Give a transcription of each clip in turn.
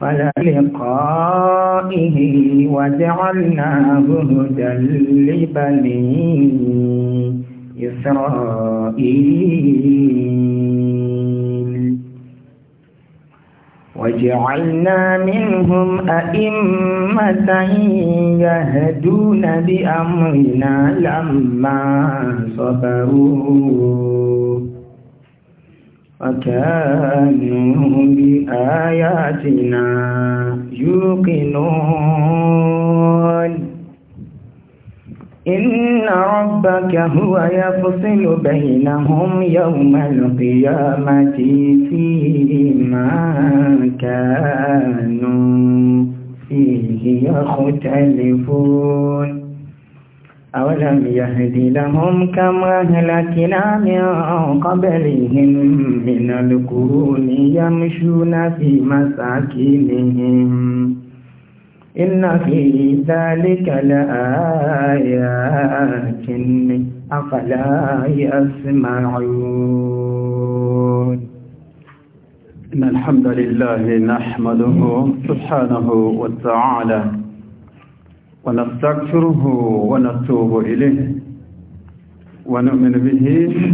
فللقائه وجعلناه هدى لبني إسرائيل وجعلنا منهم أئمة يهدون بأمرنا لما صبروا وكانوا بآياتنا يوقنون إن ربك هو يفصل بينهم يوم القيامة فيما كانوا فيه يختلفون أولم يهد لهم كما أهلكنا من قبلهم من القرون يمشون في مساكنهم إن في ذلك لآيات أفلا يسمعون إن الحمد لله نحمده سبحانه وتعالى ونستغفره ونتوب إليه ونؤمن به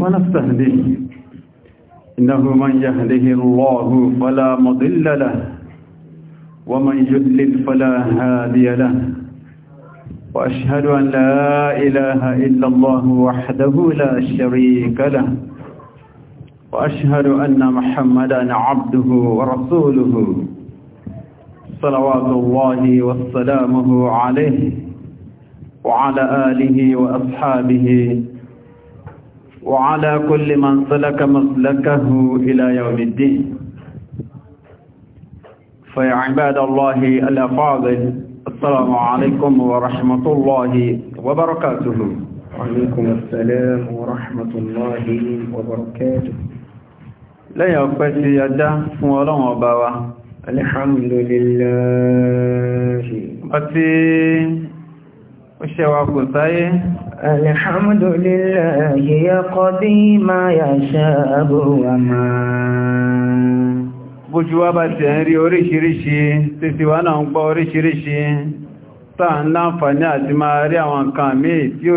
ونستهديه إنه من يهده الله فلا مضل له ومن يضلل فلا هادي له وأشهد أن لا إله إلا الله وحده لا شريك له وأشهد أن محمدا عبده ورسوله صلوات الله وسلامه عليه وعلى آله وأصحابه وعلى كل من سلك مسلكه إلى يوم الدين فيا عباد الله الأفاضل السلام عليكم ورحمة الله وبركاته وعليكم السلام ورحمة الله وبركاته لا يوقف يدا ولا بوا alhamdulillahi ọtí ó ṣẹwà kò sáyé alhamdulillahi ya qadima ya sha'abu wa ma bójú wá bá ti ẹ̀rí oríṣiríṣi títí wá náà ń gbọ́ oríṣiríṣi táà ń láǹfàní àti máa rí àwọn nǹkan míì tí ó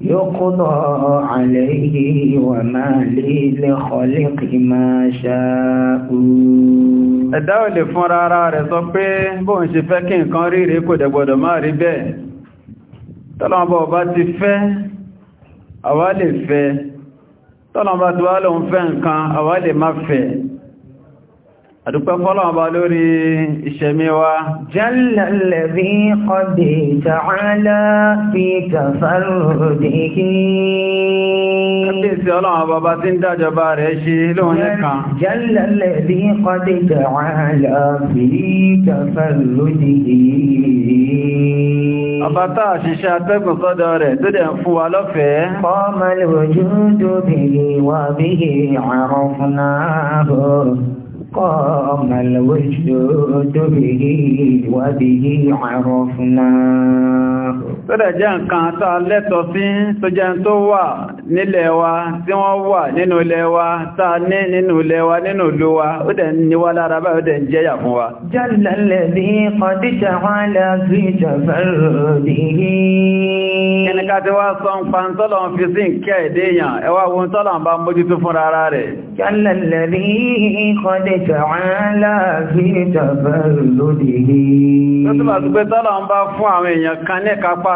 يقضى عليه وما لي لخلق ما شاء ẹ̀dá ò lè fún rárá rẹ̀ sọ pé bóun ṣe fẹ́ kí nǹkan rí rí kò dẹ̀ gbọ́dọ̀ máa rí bẹ́ẹ̀ tọ́lọ́mọba ọba ti fẹ́ àwa lè fẹ́ tọ́lọ́mọba tí wá lòun fẹ́ nǹkan àwa lè má fẹ́ Àdúpẹ́ fọ́lọ́wọ́ bá lórí ìṣẹ̀mí wa. Jẹ́lẹ̀lẹ̀bí kọ́dé tààlá fi tàfàrùdìkí. Kàbíyèsí ọlọ́wọ́ bàbá tí ń dájọba rẹ̀ ṣe lóhun nìkan. Jẹ́lẹ̀lẹ̀bí kọ́dé tààlá bí i قام الوجود به وبه عرفناه tó dẹ̀ jẹ́ nǹkan tó lẹ́tọ̀ sí tó jẹ́ tó wà nílẹ̀ wa tí wọ́n wà nínú ilẹ̀ wa tá ní nínú ilẹ̀ wa nínú ìlú wa ó dẹ̀ ní wá lára báyìí ó dẹ̀ jẹ́yà fún wa. Kẹ́nìká ti wá sọ ń pa ń tọ́lọ̀ ń fi sí ń kẹ́ èdè èèyàn, ẹwà wo ń tọ́lọ̀ ń bá mójútó fún ara rẹ̀. Kẹ́lẹ̀lẹ̀rí ní kápá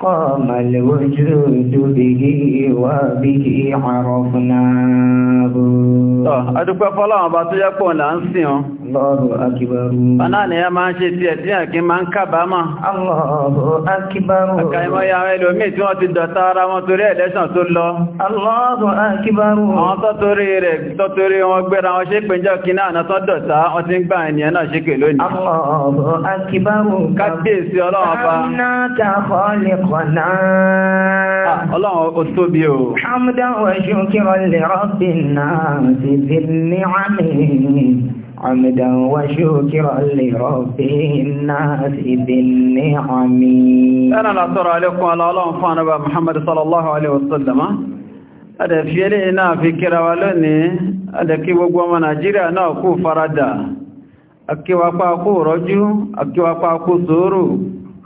قام الوجود به وبه عرفناه Adúpẹ́ fọ́lọ́wọ́n bá tó yẹ́ pọ̀ là ń sìn ọ́. Allahu akíbarú. Bàná ni ẹ máa ń ṣe tí ẹ̀ tí àkí máa ń kábàámà. Allahu akíbarú. Àkàìmọ́ ya àwọn ẹlòmí tí wọ́n ti dọ̀ta ara wọn torí ẹ̀lẹ́sàn tó lọ. Allahu akíbarú. Àwọn tọ́torí rẹ̀ tọ́torí wọn gbéra wọn ṣe péjọ kíná àná tọ́ dọ̀ta wọn ti ń gbà ènìyàn náà ṣe pè lónìí. Allahu akíbarú. Ah, Ọlọ́run ó tóbi o. Hamdá wa ṣúkírọ lè rọ́bì náà ti fi ní àmì. Hamdá wa ṣúkírọ lè rọ́bì náà ti fi ní àmì. Ẹnà lásọ̀rọ̀ alẹ́kùn aláwọ̀lọ́run fún ànàbà Muhammad sallallahu alaihi wasallam. Adẹ̀fiyẹ́lẹ́ iná fi kíra wa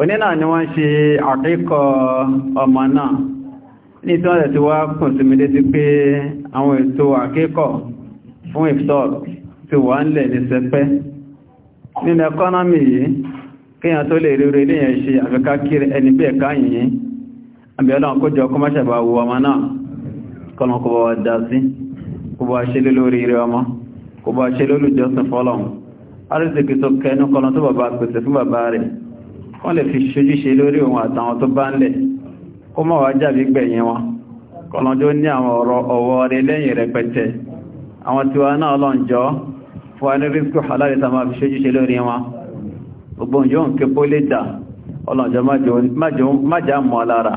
òní náà ni wọ́n ṣe àkíkọ ọmọ náà ní tí wọ́n tẹ̀ tí wá kùn sí mílé sí pé àwọn ètò àkíkọ fún ìfẹ́ọ̀rọ̀ tí wà ń lẹ̀ ní sẹpẹ́ nínú ẹkọ́nọ́mì yìí kíyàn tó lè rírí léyàn ṣe àfikà kiri ẹni bí ẹ̀ká yìí àbí ọlọ́run kó jọ kó ọmọ náà wọ́n lè fi ṣojúṣe lórí òun àtàwọn tó bá ń lẹ̀ kó mọ̀ wá jàbí gbẹ̀yìn wọn kọlọ́njọ́ ní àwọn ọ̀rọ̀ ọwọ́ rẹ̀ lẹ́yìn rẹpẹtẹ àwọn tí wá náà lọ́njọ́ fún anírísíkò halari ta máa fi ṣojúṣe lórí wọn gbogbo òjò ń képó lè dà ọlọ́njọ́ májá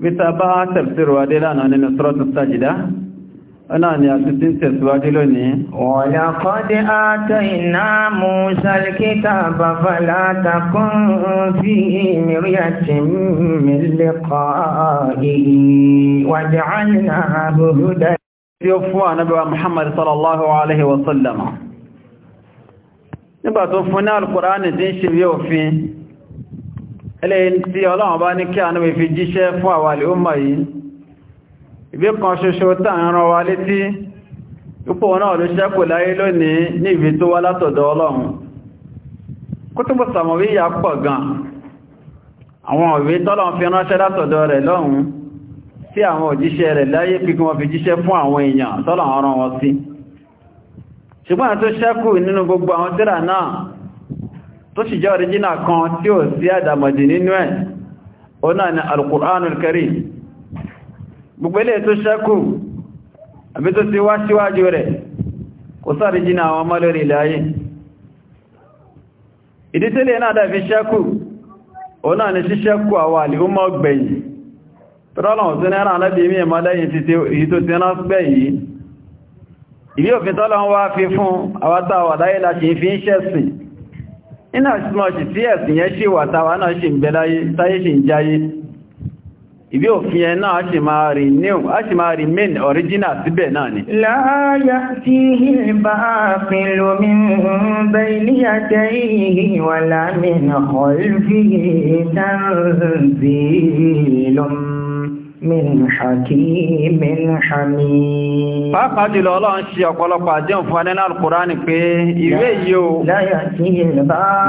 متابعة تفسير وادلانا عن نصرة السجدة أنا يا ستين سواجلوني ولقد آتينا موسى الكتاب فلا تكن في مرية من لقائه وجعلناه هدى يوفوا نبي محمد صلى الله عليه وسلم نبي توفنا القرآن زين شبيه ẹlẹ́yìn tí ọlọ́run bá ní kí ànúwẹ̀ fi jíṣẹ́ fún àwàlẹ̀ ó mọ̀ yìí ìbí kan ṣoṣo tààrán wa létí púpọ̀ náà ló ṣẹ́kù láyé lónìí ní ìbí tó wá látọ̀dọ̀ ọlọ́run kútùbù sàmọ̀wíyà pọ̀ gan àwọn ìwé tọ́lọ́run fi ránṣẹ́ látọ̀dọ̀ rẹ̀ lọ́hun sí àwọn òjíṣẹ́ rẹ̀ láyé pípín wọn ṣùgbọ́n tó ṣẹ́kù nínú gbogbo àwọn tírà náà tó sì jẹ́ ọ̀ríjínà kan tí ó sí àdàmọ̀dì nínú ẹ̀ o náà ni alkùránul karim gbogbo ilé tó ṣẹ́kù àbí tó ti wá síwájú rẹ̀ kò sọ́ríjínà àwọn ọmọ lórí ilẹ̀ ayé ìdí tí lè náà dàbí ṣẹ́kù o náà ni ṣíṣẹ́kù àwọn àlìhúmọ́ gbẹ̀yìn tọ́lọ̀wọ̀n tó nẹ́rà fi fún iná ṣmọ̀ṣì tí ẹ̀sìn yẹn ṣe wà táwa náà ṣe ń bẹ láyé táyé ṣe ń jáyé ìbí òfin ẹ náà ṣe máa rí new ṣe máa rí main original síbẹ̀ náà ni láyá tí ìbá fi lómi bẹ ilé àtẹ́ ìwà lámìnà ọ̀lfí tánzí lọ́mọ́ min hakimin hamid. Pàápàá jùlọ ọlọ́run ṣe ọ̀pọ̀lọpọ̀ àdéhùn fún anẹ́nà Al-Kùránì pé ìwé yìí o.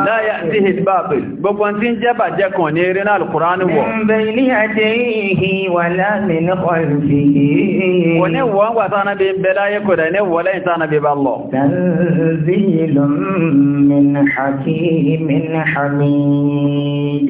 Láyà tí ìbáàbẹ̀. Gbogbo tí ń jẹ́ bàjẹ́ kan ní eré náà Al-Kùránì wọ̀. Bẹ̀ ilé àdé ìhì wà láàrin ọ̀pọ̀ min hamid.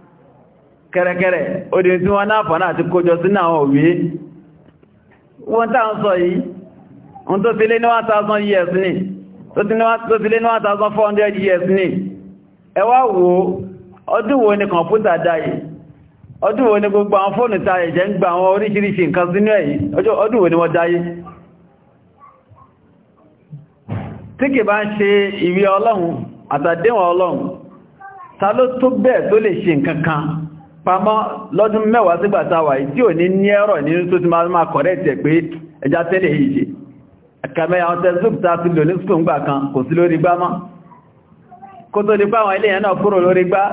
kẹrẹkẹrẹ odi tí wọ́n náà náà ti kójọ sí náà òwe wọ́n tàà ń sọ yìí ń tó ti lé ní 1000 years ní tó ti lé ní 1400 years ní ẹ wá wò ọdún wo ni kọ̀mpútà dáyé ọdún wo ni gbogbo àwọn fóònù ta ẹ̀jẹ̀ ń gba àwọn oríṣiríṣi nǹkan sínú ẹ̀yí ọdún wo ni wọ́n dáyé tí kì bá ń ṣe ìwé ọlọ́run àtàdéwọ̀n ọlọ́run ta ló tó bẹ́ẹ̀ tó lè ṣe nǹkan kan pamọ́ lọ́dún mẹ́wàá sígbàtà wà tí ò ní ní ẹ̀rọ nínú tó ti máa máa kọ̀rẹ́tì ẹ̀ pé ẹja tẹ́lẹ̀ yìí ṣe àkàmẹ́ àwọn tẹ́sùp tá ti lò ní skùn gbà kan kò sí lórí gbá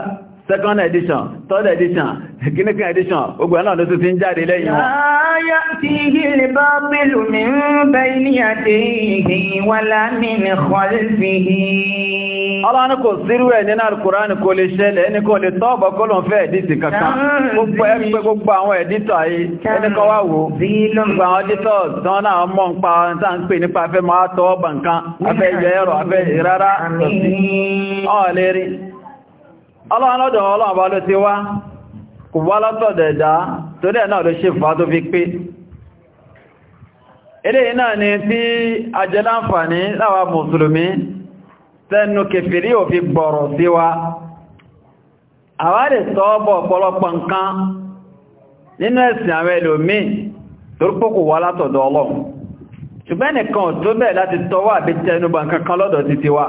second edition third edition kìnnìkan edition ogbò náà ló tún ti ń jáde lẹ́yìn wọn. láyá tí ilé min pèlú mi ń bẹ ilé àti ìhìn wà láàmì ní kọlífìhì. ọlọ́run kò sírú ẹ̀ nínú alukùránì kò lè ṣẹlẹ̀ ẹni kò lè tọ́ọ̀bọ̀ kó ló fẹ́ ẹ̀dìtì kankan gbogbo ẹ gbogbo àwọn ẹ̀dìtọ̀ ayé ẹni wá wò gbogbo àwọn ẹ̀dìtọ̀ pa tá ń pè nípa afẹ́ máa tọ́ọ̀bọ̀ nǹkan afẹ́ yẹ ẹ̀rọ afẹ́ ọlọ́run lọ́dọ̀ ọlọ́run bá ló ti wá kò wá látọ̀dọ̀ ẹ̀dá torí ẹ̀ náà ló ṣe fà tó fi pé eléyìí náà ni tí ajẹ́láǹfààní láwa mùsùlùmí tẹnu kèfèrí ò fi gbọ̀rọ̀ sí wa àwárí sọ́ọ́bọ̀ ọ̀pọ̀lọpọ̀ nǹkan nínú ẹ̀sìn àwọn ẹlòmíì torípòkò wá látọ̀dọ̀ ọlọ́run ṣùgbẹ́ nìkan ò tó bẹ́ẹ̀ láti tọwọ́ àbí tẹnubà kankan lọ́dọ̀ títí wa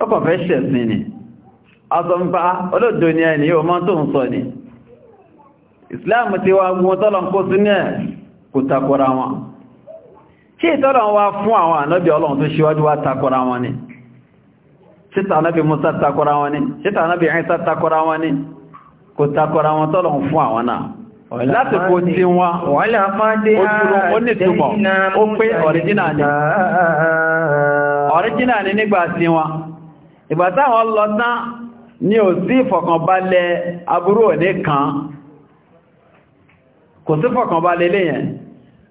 ó kàn ṣẹ̀sìn ni asọ́nfà olóòdó ni ẹni yóò máa tó ń sọ ni islam ti wá gún tọ́lọ̀ kó sí ní ẹ̀ kò wọn ṣe ìtọ́lọ̀ wá fún àwọn takọra wọn ni ṣíta musa takọra wọn ni ṣíta ànábì ẹ̀ẹ́sá takọra wọn ni kò wọn tọ́lọ̀ fún àwọn náà tí onítùmọ̀ ó pé ọ̀ríjínà ni ọ̀ríjínà lọ tán ní ò sí ìfọ̀kànbalẹ̀ aburú òní kan kò sí fọ̀kànbalẹ̀ léyẹn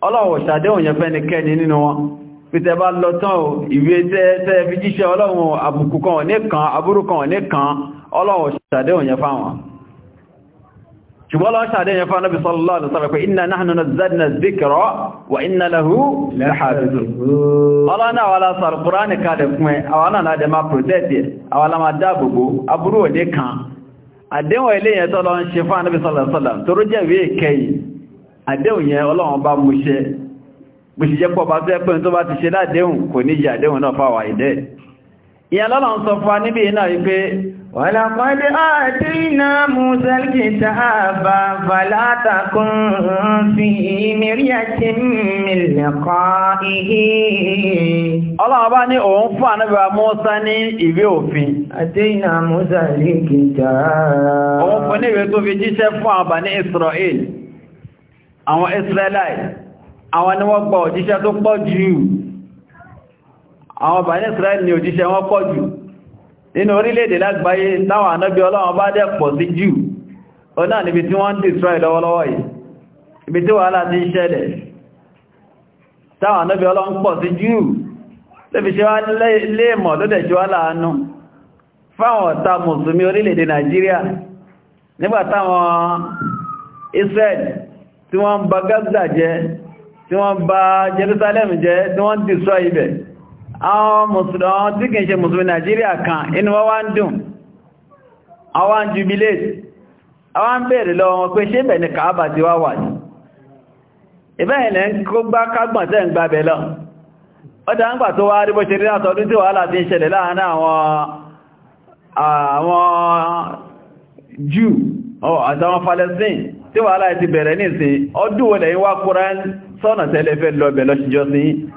ọlọ́wọ̀ ṣàdéhùn yẹn fẹ́nikẹ́ni nínú wọn pìtẹ bá lọ tán ò ìwé tẹ́ẹ̀ fi jíṣẹ́ ọlọ́run àbùkù kan òní kan aburú kan òní kan ọlọ́wọ̀ ṣàdéhùn yẹn fáwọn ṣùgbọ́n lọ ṣàdé yẹn fún anábi sallallahu alaihi wasallam pé inna nahnu nazzalna dhikra wa inna lahu lahafizun ọlọ́ náà wà lásà alkùránì kalẹ̀ fún ẹ àwọn náà láti máa protect ẹ àwọn lámà dáàbòbò aburú òní kan àdéhùn ilé yẹn tọ́lọ ń ṣe fún anábi sallallahu alaihi wasallam tó jẹ́ ìwé ìkẹyìn àdéhùn yẹn ọlọ́run bá mú ṣe bó ṣe ولقد آتينا موسى الكتاب فلا تكن في مرية من لقائه Ọlọ́run bá ní òun fún ànábì Mùsá ní ìwé òfin. Àtẹ́yìnà Mùsá lè kìtà. Òun fún ní ìwé tó fi jíṣẹ́ fún àwọn Bani Israel, àwọn Israelite, àwọn ni wọ́n gba òjíṣẹ́ tó pọ̀ jù. Àwọn Bani Israel ni òjíṣẹ́ wọn pọ̀ jù nínú orílẹ̀-èdè lágbàáyé táwọn ànábí ọlọ́run bá dẹ̀ pọ̀ sí jù ó náà níbi tí wọ́n ń destroy lọ́wọ́lọ́wọ́ yìí ibi tí wàhálà ti ń ṣẹlẹ̀ táwọn ànábí ọlọ́run pọ̀ sí jù lóbi ṣe wá léèmọ̀ ló dẹ̀ ṣe wá láàánú fáwọn ọ̀tá mùsùlùmí orílẹ̀-èdè Nàìjíríà nígbà táwọn Israel tí wọ́n bà Gaza jẹ́ tí wọ́n bà Jerusalem jẹ́ tí wọ́n destroy ibẹ̀ àwọn mùsùlùmí tí kìí ṣe mùsùlùmí Nàìjíríà kan inú wọ́n wá ń dùn àwọn jubilate àwọn ń bèèrè lọ wọn pé ṣe bẹ̀ẹ̀ ni kàábà ti wá wà ní ìbẹ́ẹ̀lẹ̀ ń kó gbá kágbọ̀n tẹ́ ń gbàbẹ̀ lọ ọdá ń gbà tó wá rí bó ṣe rí àtọdún tí tí wàhálà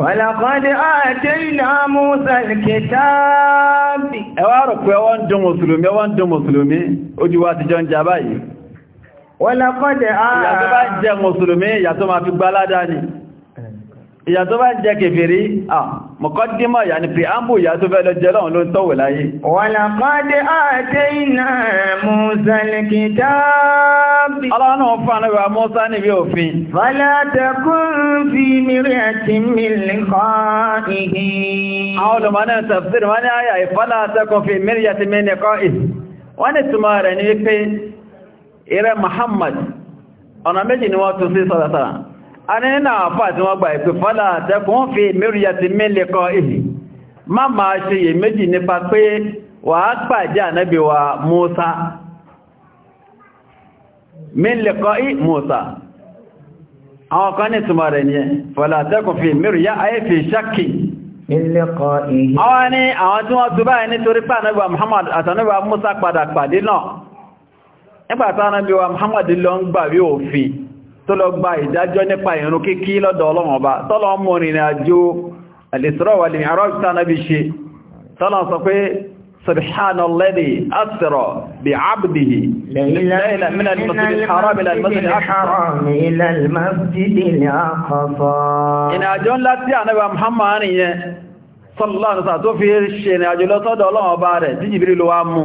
Wàlàkọ́dé ààtẹ́ ìlà Musa ìkẹtàbì. Ẹ wá rò pé wọ́n dùn Mùsùlùmí, wọ́n dùn Mùsùlùmí, ó jí wá ti jọ ń jà báyìí. Wàlàkọ́dé ààtẹ́ ìlà Musa ìkẹtàbì. Ìyà tó bá jẹ Mùsùlùmí, ìyà tó ìyà tó bá ń jẹ kèfèrí mọ̀kọ́dímọ̀ ìyà ni preambu ìyà tó fẹ́ lọ jẹ lọ́wọ́n ló ń tọ́wò láyé wọ́làkọ́dé àti iná mùsàlìkìtà bí ọlọ́nà fún àníwà mọ́sá níbi òfin fọ́látẹ̀kùn fi mìírí àti mìlìkọ́ Muhammad ọ̀nà ni wọ́n tún sí sọ́dọ̀sára a na afọ àfà tí wọ́n gba ìpè fọ́lá àtẹ́kùn fi mẹ́rìyà ti mẹ́lẹ̀ kọ èyí má ṣe yè méjì nípa pé wà á pàjá ànábì wa mẹ́lẹ̀ kọ ì Mùsá àwọn kan ní túnmà rẹ̀ ní fọ́lá àtẹ́kùn fi mẹ́rìyà ayé fi ṣákì àwọn ní àwọn tó lọ gba ìdájọ́ nípa ìrun kíkí lọ́dọ̀ ọlọ́run ọba tọ́lọ́ mú rìnrìn àjò al-Isra wal-Mi'raj tánàbí ṣe tọ́lọ́ sọ pé سبحان الذي أسرى بعبده ليلا من المسجد الحرام إلى المسجد الحرام إلى المسجد الأقصى إن أجون لا تعنى محمد صلى الله عليه وسلم في الشيء أجون لا تدعو الله بارد جبريل وامو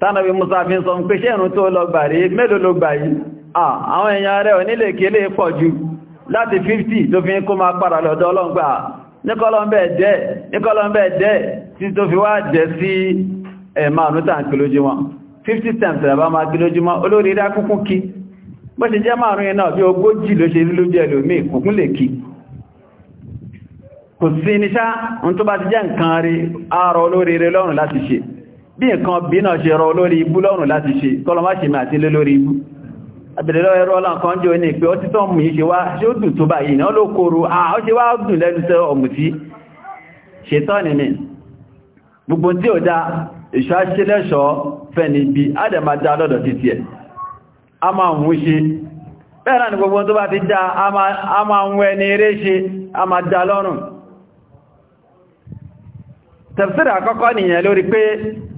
tánàbí musa fi ń sọ pé ṣe ìrùn tó lọ gbà rí mélòó ló gbà yìí àwọn èèyàn rẹ̀ onílè kélé pọ̀ jù láti 50 tó fi ń kó máa padà lọ́dọ̀ ọlọ́ngbà níkọlọ́mbẹ̀ dẹ́ níkọlọ́mbẹ̀ dẹ́ tí tó fi wá dẹ́ sí ẹ̀mà ànútà kìlójúmọ́ 50 times ẹ̀bá máa kìlójúmọ́ olórí rá kúkún kí bó ṣe jẹ́ márùn kò sí níṣá ohun tó bá ti jẹ́ nǹkan rí ààrọ olórí rẹ lọ́rùn láti ṣe bí nǹkan bí náà ṣe rọ olórí ibú lọ́rùn láti ṣe kọlọmáṣe máa ti lé lórí ibú àbẹ̀lẹ̀lọ́ ẹ̀rọ ọlọ́nkan jò ní pé ó ti tọ́ mú ìṣe wá ṣe ó dùn tó báyìí náà ló kóró àá ó ṣe wá dùn lẹ́nu tẹ́ ọ̀mùtí ṣetán ni mi gbogbo tí ó dá ìṣọ́ ni gbogbo tó bá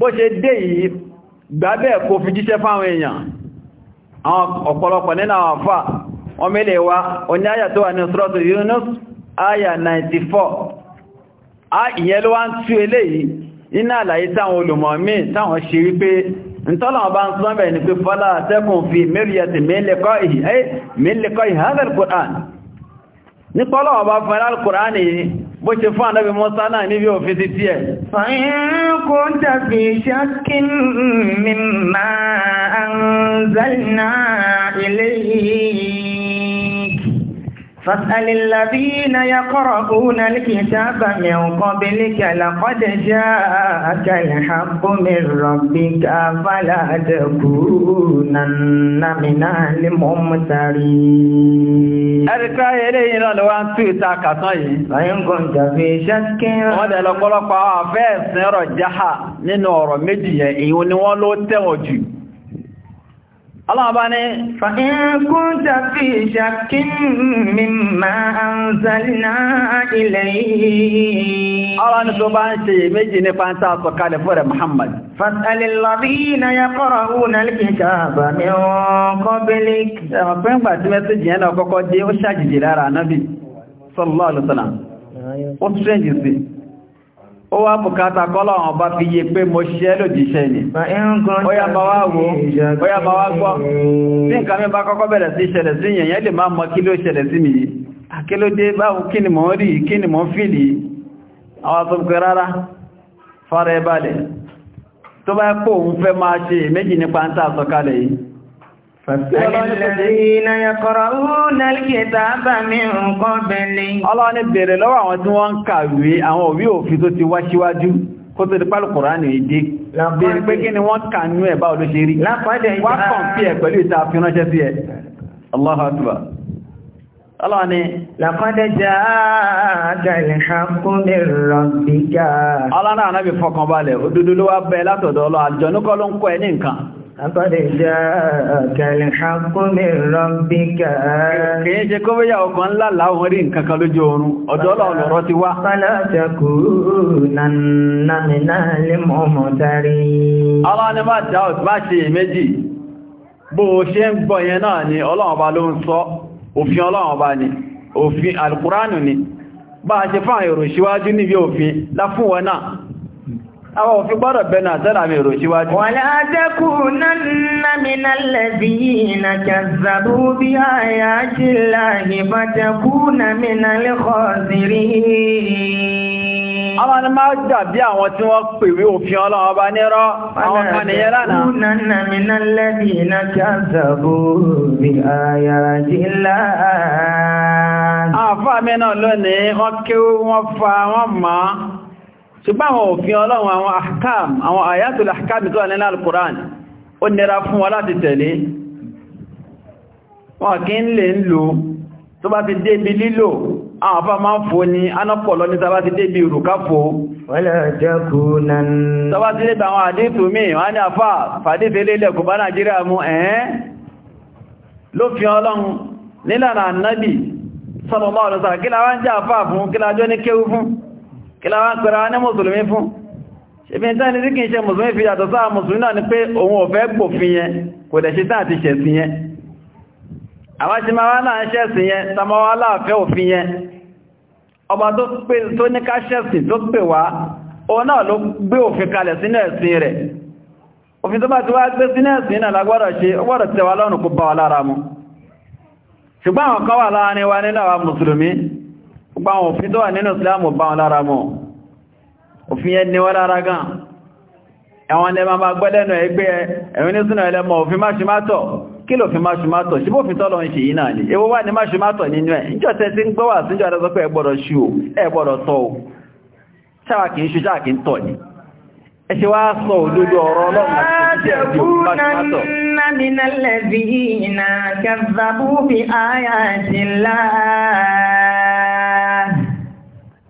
bó ṣe dé yìí gbábẹ́ kò fi jíṣẹ́ fáwọn èèyàn àwọn ọ̀pọ̀lọpọ̀ nínú àwọn àfà ọmọ oní àyà tó wà ní ṣúrọ́tù Yunus àyà 94 a ìyẹn ló wá ń tú eléyìí iná àlàyé táwọn olùmọ̀mí táwọn ṣe wípé ntọ́lọ̀ bá ń sọ́mẹ̀ ní pé fọ́lá tẹ́kùn fi mẹ́rìyàtì mẹ́lẹ̀kọ́ ìhì nípa ọlọ́wọ́ bá fún Al-Kùránì bó ṣe fún ànábì Mùsá náà níbi òfin ti tí ẹ̀. fàyínkù tàbí ṣákín mimma anzalna ilayk fas'alil ladhina yaqra'una al-kitaba min qablika laqad ja'aka al-haqqu min rabbika fala takunanna minal mumtarin Ẹ̀ríká ilé yìí náà ló wá ń tú ìta kàtán yìí. Báyé ń gọ́n jàfẹ́ ṣákẹ́rọ. Wọ́n dẹ̀ lọ́pọ̀lọpọ̀ àwọn àfẹ́ ẹ̀sìn ọ̀rọ̀ jáhà nínú ọ̀rọ̀ méjì yẹn, èyí ni wọ́n ló tẹ̀wọ̀n jù. Aláwọ̀bá ní fàíkúntà fi ṣàkí mímá àǹzàlìná ilẹ̀ yìí. Ọlá ní tó bá ń ṣe méjì ní pàntà sọ̀kalẹ̀ fúrẹ̀ Muhammad. Fàtàlìlọ́bí na ya kọ́rọ̀ hún alìkìta bà ní ọkọ̀ bẹ́lẹ̀. Ẹ̀mọ̀fẹ́ ń tí mẹ́sí jẹ́ náà kọ́kọ́ dé ó ṣàjìjì lára náà bí, sọ́lọ́ ó wá bùkátà kọ́lọ̀ àwọn ọba fi yé pé mo ṣiṣẹ́ lòdìṣẹ́ ni ó yá bá wá wó ó yá bá wá gbọ́ tí nǹkan mi bá kọ́kọ́ bẹ̀rẹ̀ mi kí ló dé ni mò ń ni mò ń fìlì àwọn tó pẹ́ rárá fara ẹ balẹ̀ bá pò ń fẹ́ máa ṣe méjì nípa ń tà sọ̀kalẹ̀ yìí Àlẹ́lẹ́dínà yẹ̀kọ̀rọ̀hún alìkẹtàbà min kọ́bẹ̀lì. Ọlọ́run ní bèèrè lọ́wọ́ àwọn tí wọ́n ń kàwé àwọn òbí òfin tó ti wá síwájú kó tó di pálù Kùránì èdè. Bèèrè pé kí ni wọ́n kà ní ẹ̀bá olóṣèrí. Wá kàn fí ẹ̀ pẹ̀lú ìta fi ránṣẹ́ sí ẹ. Allahu Akbar. Ọlọ́run ní. Làkọ́dẹ̀ já àgàlẹ̀ ṣàkúnlẹ̀ rọ̀bìgà. Ọlọ́run àná Àkọ́dé jẹ́ kẹlẹ̀ ṣàkúnmí rọ̀bíkà. Kìí ṣe kó bóyá ọkàn ńlá láwọn rí nǹkan kan lójú oorun, ọ̀dọ̀ Ọlọ́run ọ̀rọ̀ ti wá. Fọ́lọ́tẹ̀kù nàmìnà lè mọ̀mọ̀ darí. Ọlọ́run ni máa dáwọ̀ bá ṣe méjì. Bó o ṣe ń gbọ́ yẹn náà ni Ọlọ́run ọba ló ń sọ, òfin Ọlọ́run ni, òfin Alkùránù ni. Bá a ṣe fáwọn èrò síwájú níbi òfin láfún náà àwọn òfin gbọ́dọ̀ bẹnu àtẹ́là mi rò síwájú. wàlá àtẹ́kù náà mìíràn lẹ́bí iná kẹzàbú bí àyà jílá ìbátẹ́kù náà mìíràn lẹ́kọ̀ọ́ sí rí. àwọn ni máa dàbí àwọn tí wọ́n pèwé òfin ọlọ́wọ́ bá nírọ́ àwọn kan nìyẹn lánàá. fa wọ́n ṣùgbọ́n àwọn òfin ọlọ́run àwọn ahkam àwọn ayatul ahkam tó wà nínú al-Qur'an ó nira fún wa láti tẹ̀lé wọn kí ń lè ń lò tó bá ti débi lílò àwọn afá máa ń fò ní anápọ̀lọ́ ní tàbá ti débi ìrùkáfò tàbá ti débi àwọn àdíntù míì wọ́n ní àfá fàdífẹ́ lélẹ̀ kí láwọn pẹ̀rọ ní mùsùlùmí fún ṣebí tán ní kí n ṣe mùsùlùmí fi yàtọ̀ mùsùlùmí náà ni pé òun ò fẹ́ gbòfin yẹn kò dẹ̀ ṣe tán àti ṣẹ̀sìn yẹn àwọn ṣe máa wá náà ṣẹ̀sìn yẹn tamawa láàfẹ́ òfin yẹn ọba tó ní ká ṣẹ̀sìn tó pè wá òun náà ló gbé òfin kalẹ̀ sínú ẹ̀sìn rẹ̀ òfin tó bá ti wá gbogbo àwọn òfin tó wà nínú islam bá wọn lára mọ́ òfin yẹn ni wọ́n lára gan àwọn ẹni máa gbọ́lẹ́nu ẹgbẹ́ ẹ̀rin ní súnà ẹlẹ́mọ̀ òfin máṣùmátọ̀ kí ló fi máṣùmátọ̀ sí tọ́lọ ń ṣe yìí náà ni èwo wà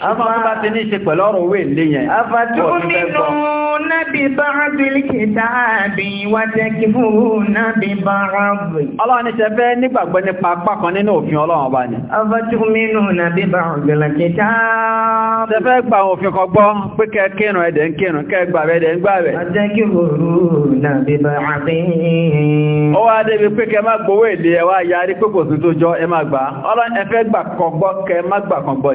Àwọn ọmọ bá ti ní ṣe pẹ̀lú ọ̀rọ̀ owó èlé yẹn. Àfàtúmínú nábì bárábìlì kìtàbí wá jẹ́ kí fún nábì bárábì. Ọlọ́run ní ṣe nígbàgbọ́ nípa apá nínú òfin Ọlọ́run bá ní. Àfàtúmínú nábì bárábìlì gba òfin pé kírun ẹ̀dẹ̀ ń kírun ń kí fún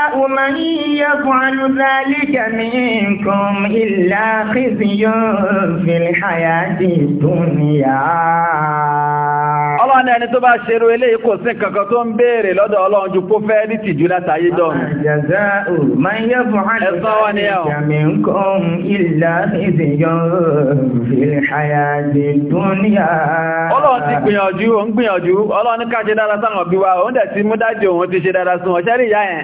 من يفعل ذلك منكم إلا خزي في الحياة الدنيا ọlọ́run ẹni tó bá ṣerú ilé ikò sí kankan tó ń béèrè lọ́dọ̀ ọlọ́run ju kó fẹ́ ní tìjú látàyé dọ̀nù ọlọ́run ti gbìyànjú òun gbìyànjú ọlọ́run ká ṣe dára sáwọn bí wa òun dẹ̀ ti mú dájú òun ti ṣe dára sún ọ̀ṣẹ́rí ìyá yẹn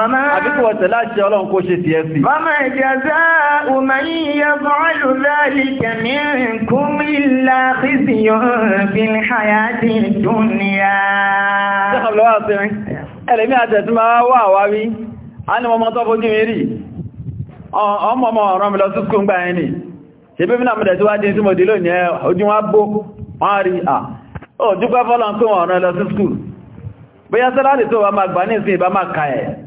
Àbíkú ọ̀tẹ̀ láti ọlọ́run kó ṣe ti ẹ sí. Fama jaza'u man yaf'alu dhalika minkum illa khizyun fil hayatid dunya. Ṣé ọ̀lọ́ ní ọmọ tó fojú sí skún gbà ẹni. Ṣé bí mínà wá rí à. ní ìsìn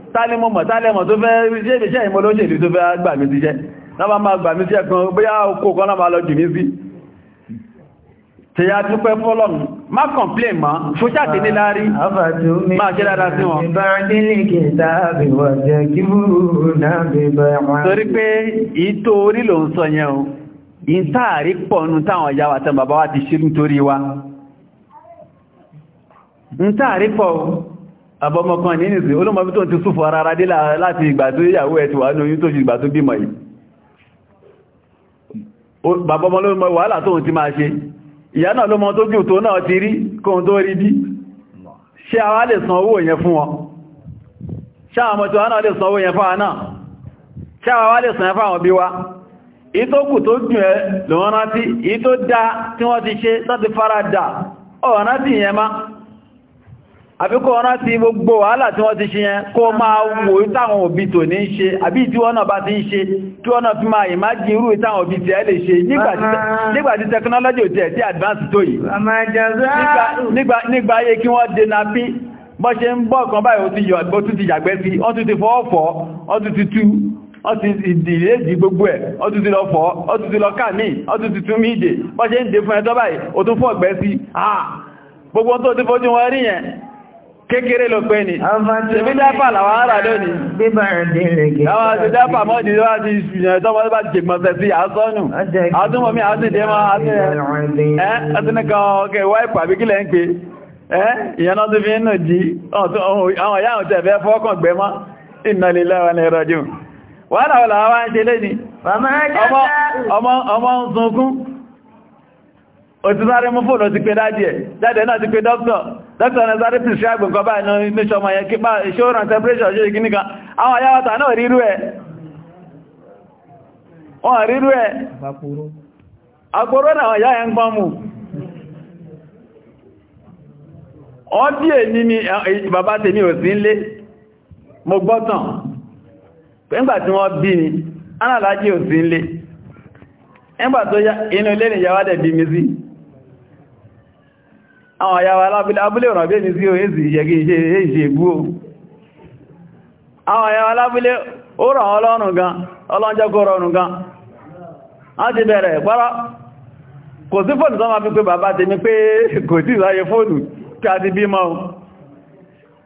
tálímọ̀mọ̀ tálẹ́mọ̀ tó fẹ́ ṣe ìṣẹ́ ìmọ̀lóṣèlú tó fẹ́ gbà mí síṣẹ́ náà máa gbà mí síṣẹ́ kan bóyá okó kan náà máa lọ jù mí sí tẹ̀yà tó pẹ́ fọ́lọ̀nù má kọ̀m̀plẹ̀n má fóṣàtì ní láàrí máa ṣe dára sí wọn torí pé ìtò orí ló ń sọ yẹn o ìntààrí pọ̀nù táwọn ìyá wa tán bàbá wa ti ṣe nítorí wa ìntààrí pọ̀ abọ́mọkan ní nìsí olómọ́bí tó ti súnfọ́ ara dé láti ìgbà tó yàwó ẹ̀ ti wà ní oyún tó ṣe ìgbà tó bímọ yìí bàbọ́mọ́ ló mọ wàhálà tó ti máa ṣe ìyá náà ló mọ tó jù tó náà ti rí kóhun tó rí bí ṣé àwa lè san owó yẹn fún wọn ṣé náà lè san owó yẹn fáwọn àbí kó ọ̀rán ti gbogbo wàhálà tí wọ́n ti ṣe yẹn kó máa wò ìtàwọn òbí tò ní ṣe àbí tí wọ́n náà bá ti ń ṣe tí wọ́n náà fi máa ìmájì irú ìtàwọn òbí tí ẹ lè ṣe nígbàtí technology òtí ẹ̀ tí advance tó yìí nígbà ayé kí wọ́n dènà bí bọ́ ṣe ń bọ́ kan báyìí ó ti yọ àgbọ́ tún ti yàgbẹ́ sí wọ́n tún ti fọ́ fọ́ wọ́n tún ti tú wọ́n ti ìdílé jí gbogbo ẹ̀ wọ́n gbogbo tó ti fojú wọn rí yẹn kékeré ló pé ní ṣebí dápà làwọn ará lónìí àwọn àti dápà mọ́dí wá ti ìṣìyàn tọ́wọ́ bá jẹ gbọ́nsẹ̀ sí àásọ́nù àtúnmọ̀mí àtìdẹ́mọ́ àtìnẹ́kan ọkẹ̀ òtí sáré mú fóònù ti pé dájì ẹ̀ jáde náà ti pé dókítọ̀ dókítọ̀ náà sáré pìsì àgbẹ̀kọ́ báyìí náà mẹ́ṣọ́ kípa ìṣòran temperature ṣe ìkíní kan àwọn ayáwátà náà rírú ẹ̀ wọ́n rírú ẹ̀ àpòrò náà yá ẹ̀ ń pọ́n mú wọ́n bí èní ni bàbá tèmi ò sí nlé mo gbọ́tàn nígbà tí wọ́n bí àwọn àyàwà ala ọ̀nà bí èyí sí o èsì ìyẹ̀gí ìṣe o àwọn àyàwà ala ó ràn ọlọ́run gan ọlọ́njẹ́kọ́ rọrùn gan a ti bẹ̀rẹ̀ pàrá kò sí fóònù tó ma fi pé bàbá tèmi pé kò tí ìsáyé fóònù kí a ti bí mọ́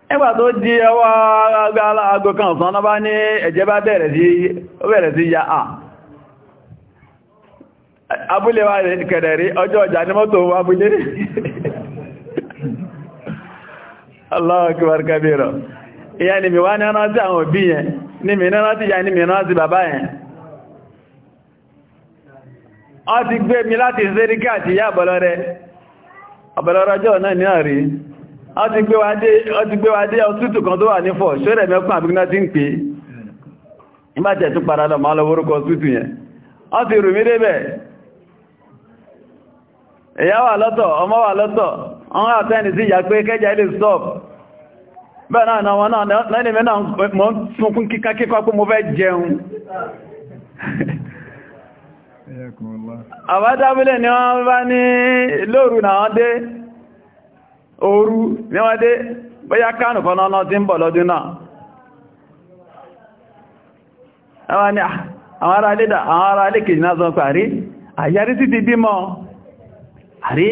nígbà tó di ẹwà agbó kan ọ̀sán náà bá ní ẹ̀jẹ̀ bá bẹ̀rẹ̀ sí ya à abúlé wa kẹ̀rẹ̀ rí ọjọ́ ọjà ní Allah akbar kabira ìyá ni mi wá ní rántí àwọn yẹn ní mi rántí ìyá mi bàbá yẹn ọ ti gbé mi láti zẹ́ríkà àti ìyá àbọ̀lọ́rẹ́ àbọ̀lọ́rọ́jọ́ náà ní àrí ọ ti gbé wa dé ọtútù kan tó wà ní fọ̀ mẹ́kún àbíkúná ti ń pè padà lọ máa lọ ọtútù yẹn ọ ti rù mí débẹ̀ ìyá wà lọ́tọ̀ àwọn àtẹ́ni sí ìyà pé kẹjà ilé stop bẹ́ẹ̀ náà àwọn náà lẹ́ni mẹ́nà mọ́ sunkún kíká kíkọ́ pé mo fẹ́ jẹun àbádábílẹ̀ ni wọ́n bá ní lóòrù náà dé òru ní wọ́n dé bóyá kánù kan náà tí ń bọ̀ lọ́dún náà ah, àwọn ará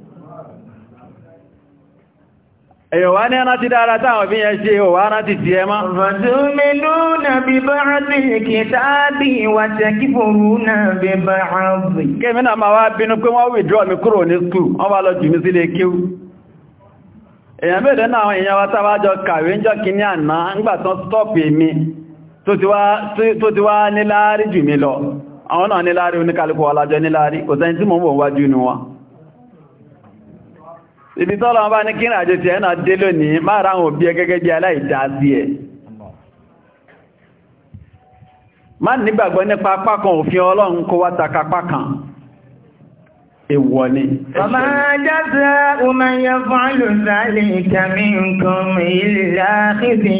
wá ní ẹ̀nà ti dára táwọn bí yẹn ṣe òwá rán ti ti ẹmá. Fàtúmínú na bí bá rántí kìtàbí wà tẹ́kífòrú na bí bá rántí. Kémi náà máa wá bínú pé wọ́n withdraw mi kúrò ní skú, wọ́n bá lọ jù mí sílé kíw. Èyàn bèèrè náà àwọn ní ibi tọ́lọ bá ní kíra àjò tí ẹ̀nà dé lónìí máa ra àwọn òbí ẹ gẹ́gẹ́ bí aláìdá ẹ̀ má nígbàgbọ́ nípa apá kan òfin ọlọ́run kó wá takapá kan èwọ̀ ni ọmọ ajásẹ́ ọmọ yẹ fún alùsàlẹ̀ ìkàmí nǹkan ilẹ̀ àkíkì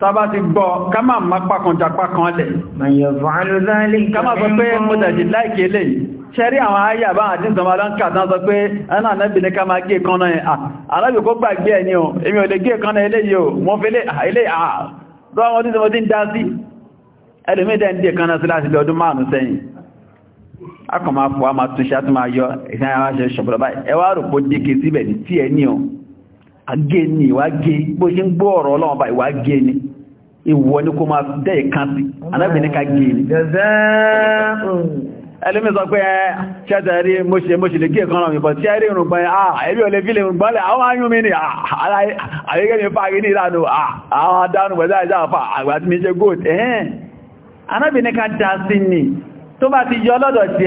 tàbá ti gbọ́ ká máa má pákànjà pákànlẹ̀. ká máa sọ pé mo dàjì láìkì ilé ṣẹ́rí àwọn ayà bá àti ìsànmà lọ́nkà tán sọ pé ẹ̀nà ànábì ní ká máa gé kánná ẹ̀ àlábì kó gbàgbé ẹni o èmi ò lè gé kánná ilé o mo fi lé ilé àwọn ọdún tí ń dá sí ẹlòmídẹ́ ń dé kánná sí láti lè ọdún márùn sẹ́yìn akọ̀ máa fọ́ a máa túnṣe á tún máa yọ ìsìn àwọn aṣẹ́ ṣọ̀pọ̀lọ́bá ẹwà rò pó dékè síbẹ̀ tí ẹ ní o agé ní ìwágé bó ṣe ń gbọ́ ọ̀rọ̀ ọlọ́wọ́n bá ìwágé ní ìwọ ní kó máa dẹ́ ìkan sí anábìnrin ká gé ní ẹlẹ́mí sọ pé ṣẹ́tẹ̀rí mọ́ṣẹ̀lẹ̀ ah, ah, kí ẹ̀kan ọmọ tí ẹ̀rí olè fílẹ̀ àwọn ayún mi mi ní ìlànà ah, àwọn adánù pẹ̀lú àgbàtí mi ṣe ẹ̀hẹ́n anábìnrin ká sí ni tó bá ti yọ lọ́dọ̀ tí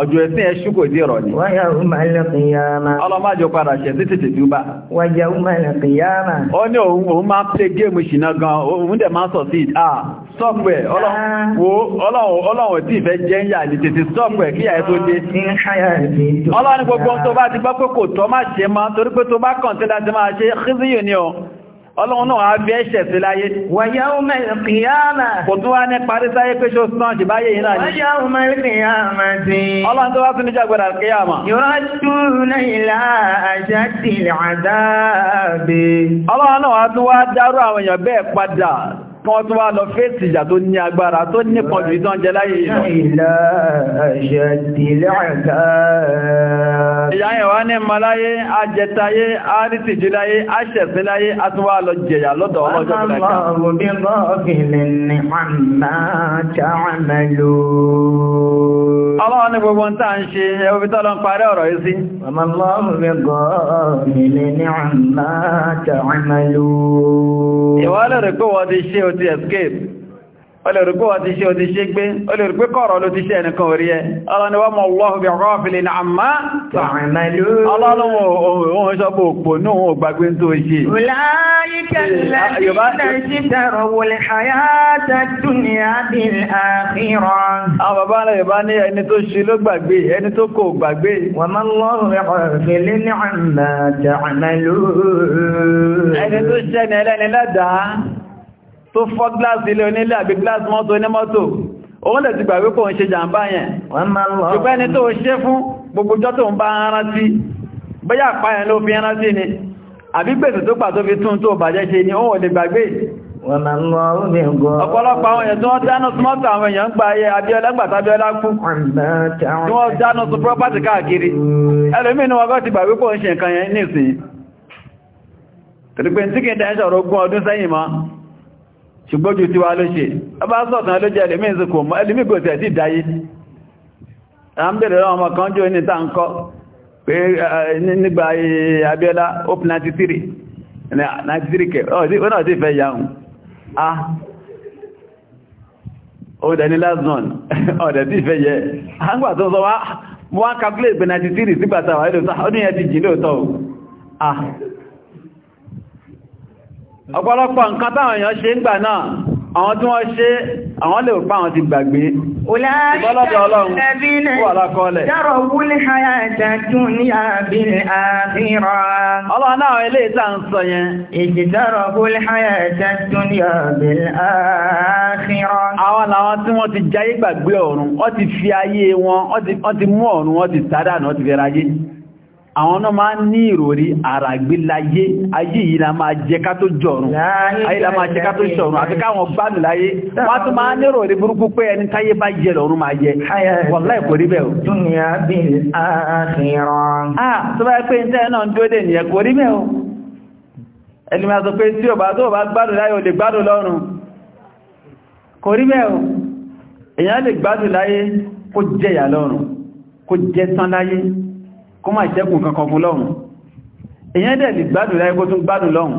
ọjọ́ ẹ̀sìn ẹ̀ṣú kò dí ọ̀rọ̀ ni. wa yawmal qiyamah. ọlọ́májọ padà ṣẹ̀ sí tètè dúbà. wa yawmal ó ní òun máa ń play ṣìnà gan òun dẹ̀ máa ń succeed ah stop ẹ̀ ọlọ́run ah. tí ìfẹ́ jẹ́ ń yà ní tètè stop ẹ̀ kí àyẹ́ tó dé. Ah, ọlọ́run gbogbo tó bá ti gbọ́ pé kò tọ́ má ṣe máa torí pé tó bá kàn ọlọ́run náà àbí ẹ̀ṣẹ̀ sí láyé wàyá ọmọ ìkìyàmà kò tún wá ní parí sáyé pé ṣó sán jì báyé ìrìnà ní wàyá ọmọ ìkìyàmà sí ọlọ́run tó wá tún ní jàgbàrà ìkìyàmà yọ́rọ̀dúnà kan tó wá lọ fèsì ìjà tó ní agbára tó ní pọ̀jù ìtàn jẹ láyé ìyáyẹ̀ Ọlọ́run ní gbogbo ń tàà ń ṣe ẹwọ́bí tọ́lọ ń parí ọ̀rọ̀ yìí sí. Ìwọ́lẹ̀ rẹ̀ pé wọ́n ti ṣe ti escape olèrùpé wà ti ṣe o ti ṣe gbé olèrùpé kọ̀rọ̀ ló ti ṣe ẹnìkan orí ẹ ọlọ́niwá mọ̀ Allahu bí ọ̀rọ̀ fìlì ní àmá ọlọ́run ohun ṣọ́pọ̀ òpó náà ò gbàgbé tó ṣe ẹni tó ṣe ló gbàgbé ẹni tó kò gbàgbé ẹni tó ṣẹ́ ni ẹlẹ́ni lẹ́dàá tó fọ́ gíláàsì ilé onílé àbí gíláàsì mọ́tò onímọ́tò òun lè ti gbàgbé kò ń ṣe jàǹbá yẹn ṣùgbẹ́ ni tó ṣe fún gbogbo ọjọ́ tó ń bá rántí bóyá àpá yẹn ló fi rántí ni àbí gbèsè tó pà tó fi tún tó bàjẹ́ ṣe ni òun lè gbàgbé ọ̀pọ̀lọpọ̀ àwọn tí wọ́n ṣùgbọ́jú tí wá ló ṣe ọba sọ̀tàn ló jẹ́ ẹlẹ́mí ìsìnkò mọ́ ẹlẹ́mí kò tẹ̀ sí ìdáyé a ń bèèrè ọmọ kan jò ní tàǹkọ́ pé nígbà Abíọ́lá op 93 93 kẹ́ ó náà sí fẹ́ yahun a ó dẹ̀ ní last one ọ̀dẹ̀ sí fẹ́ yẹ a ń gbà tó sọ wá ọ̀pọ̀lọpọ̀ nǹkan táwọn èèyàn ṣe ń gbà náà àwọn tí wọ́n ṣe àwọn lè pa àwọn ti gbàgbé àwọn làwọn tí wọ́n ti jayé gbàgbé ọ̀run wọ́n ti fi ayé wọn wọ́n ti mú ọ̀run wọ́n ti tádànà wọ́n ti fẹ́ra àwọn náà máa ní ìròrí àràgbélayé ayé yìí la máa jẹ ká tó jọ̀run ayé la máa jẹ ká tó jọ̀run àti káwọn gbádùn láyé wọ́n tún máa ní ìròrí burúkú pé ẹni táyé bá jẹ lọ́run máa jẹ wọ́lá ìkò rí bẹ́ẹ̀ ah tó bá yẹ pé ní tẹ́ẹ̀ náà ń dúró dè nìyẹn kò rí bẹ́ẹ̀ o ẹni máa sọ pé kó máa ìṣẹ́kùn kankan fún lọ́hun ìyẹn dẹ̀ lè gbádùn láyé kó tún gbádùn lọ́hun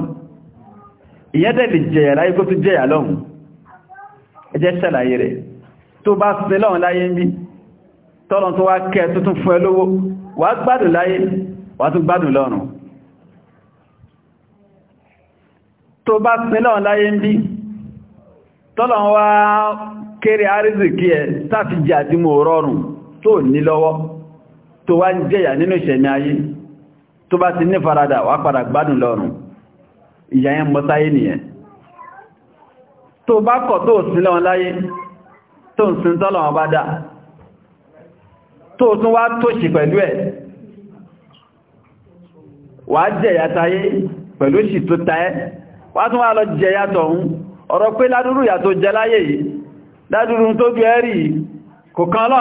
ìyẹn dẹ̀ lè jẹ̀yà láyé kó tún jẹ̀yà lọ́hun ẹ jẹ́ ṣàlàyé rẹ̀ tó bá sin lọ́hun láyé ń bí tọ́lọ tó wá kẹ́ tuntun fún ẹ wà gbádùn láyé wà tún gbádùn lọ́run tó bá sin lọ́hun láyé ń bí tọ́lọ wá kéré àrísìkí ẹ sáfi àdímò rọrùn tó ní lọ́wọ́ tó wá ń jẹ́yà nínú ìṣẹ̀mí ayé tó bá ti ní farada wà padà gbádùn lọ́run ìyà yẹn nìyẹn tó bá kọ̀ tó sín lọ́wọ́n láyé tó ń sin wọn bá dá tó tún wá tóṣì pẹ̀lú ẹ̀ wà jẹ́yà táyé pẹ̀lú tó táyé wà tún wá lọ jẹ́yà ọ̀rọ̀ pé ládúrú ìyà tó jẹ láyé yìí ládúrú tó kò kan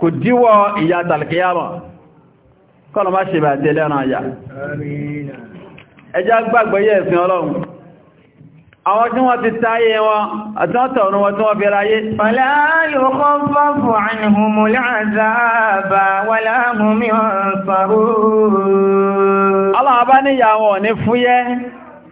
kò díwọ́ ìyà tàlkìyàmà kọ́lọ̀ má ṣe bá tẹ́ lẹ́nà àyà ẹjá gbàgbọ́ yẹ ẹ̀sìn ọlọ́run àwọn tí wọ́n ti táyé wọn àtúntọ̀ ọ̀nà wọn tí wọ́n fi ráyé fala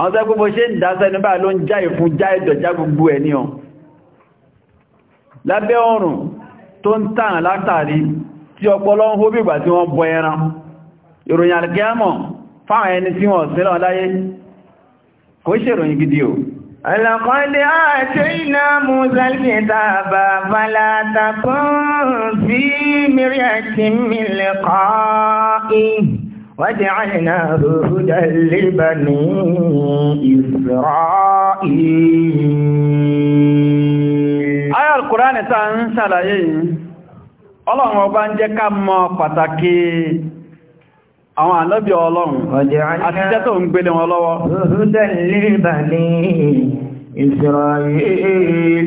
àwọn tẹ́ gbogbo ṣe ń dáṣẹ́ ní báyìí ló ń já ìfún já ìdọ̀ já gbogbo ẹ̀ ní ọ lábẹ́ ọ̀rùn tó ń tàn látàrí tí ọpọlọ ń hó bìgbà tí wọ́n bọ ẹran ìròyìn alkẹ́mọ̀ fáwọn ẹni tí wọ́n sílọ̀ láyé kò ṣe ìròyìn gidi o Ọlọ́kọ́lé وجعلناه هُدًى لبني إِسْرَائِيلَ آية القرآن تنسل ọlọ́run ọba ń jẹ́ ká mọ̀ pàtàkì àwọn ànábì ọlọ́run àti jẹ́ tó ń gbélé wọn lọ́wọ́. Hudan li bani Israil.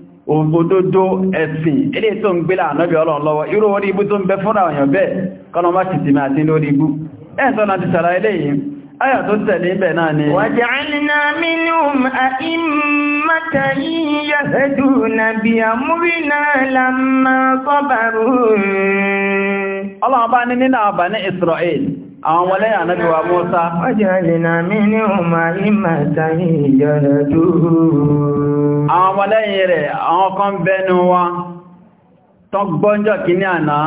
òdodo ẹ̀sìn ilé tó ń gbélà ànábì ọlọ́run lọ́wọ́ irú orí ibú tó ń bẹ fúnra òyìnbẹ́ kọ́nà má ti tìmẹ̀ àti lórí ibú ẹ̀sọ́nà ti sàrà eléyìí Ayà tó tẹ̀lé ibẹ̀ náà ni. Wàjàánà mínúm àìmọ́ta yìí yàtẹ̀dù nàbí àmúrínà lámà sọ́bàrú. Ọlọ́run ní nínú àbà ní Israel, àwọn wọlé ànábì wa Mùsá. Wàjàánà àìmọ́ta yìí yàtẹ̀dù. Àwọn wọlé yìí rẹ̀, àwọn kan bẹnu wa, tọ́gbọ́njọ́ àná,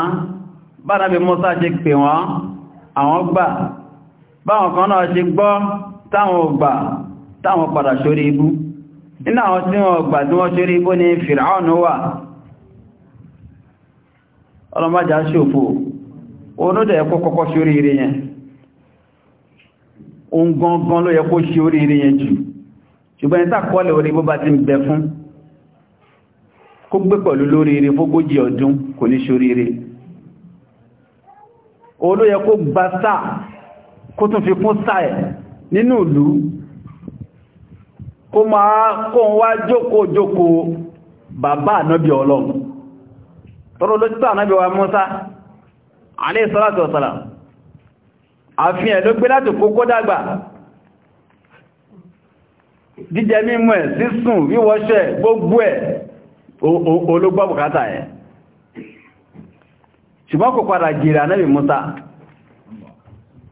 báwọn kan náà ṣe gbọ́ táwọn ògbà táwọn padà sórí ibú nínú àwọn tí wọ́n tí wọ́n sórí ibú ni fìràún wà ọlọ́májá ṣòfò onódẹ̀ kó kọ́kọ́ sórí ire yẹn ohun gangan ló yẹ kó ṣe orí ire yẹn jù ṣùgbọ́n orí bó bá ti ń bẹ fún kó gbé pẹ̀lú lórí ire fógójì ọdún kò ní sórí ire olóyẹ kó kó tún fi kún sáẹ̀ nínú ìlú kó máa kó wá jókòó jókòó bàbá ànábì ọlọ́run tọ́rọ ló títà ànábì wa Mùsá alayhi salatu wa salam àfihàn ló gbé láti kókó dàgbà jíjẹ mímú ẹ̀ sísùn wíwọ́ṣẹ́ gbogbo ẹ̀ ológbọ́ bùkátà ẹ̀ ṣùgbọ́n kò padà jìrì ànábì Mùsá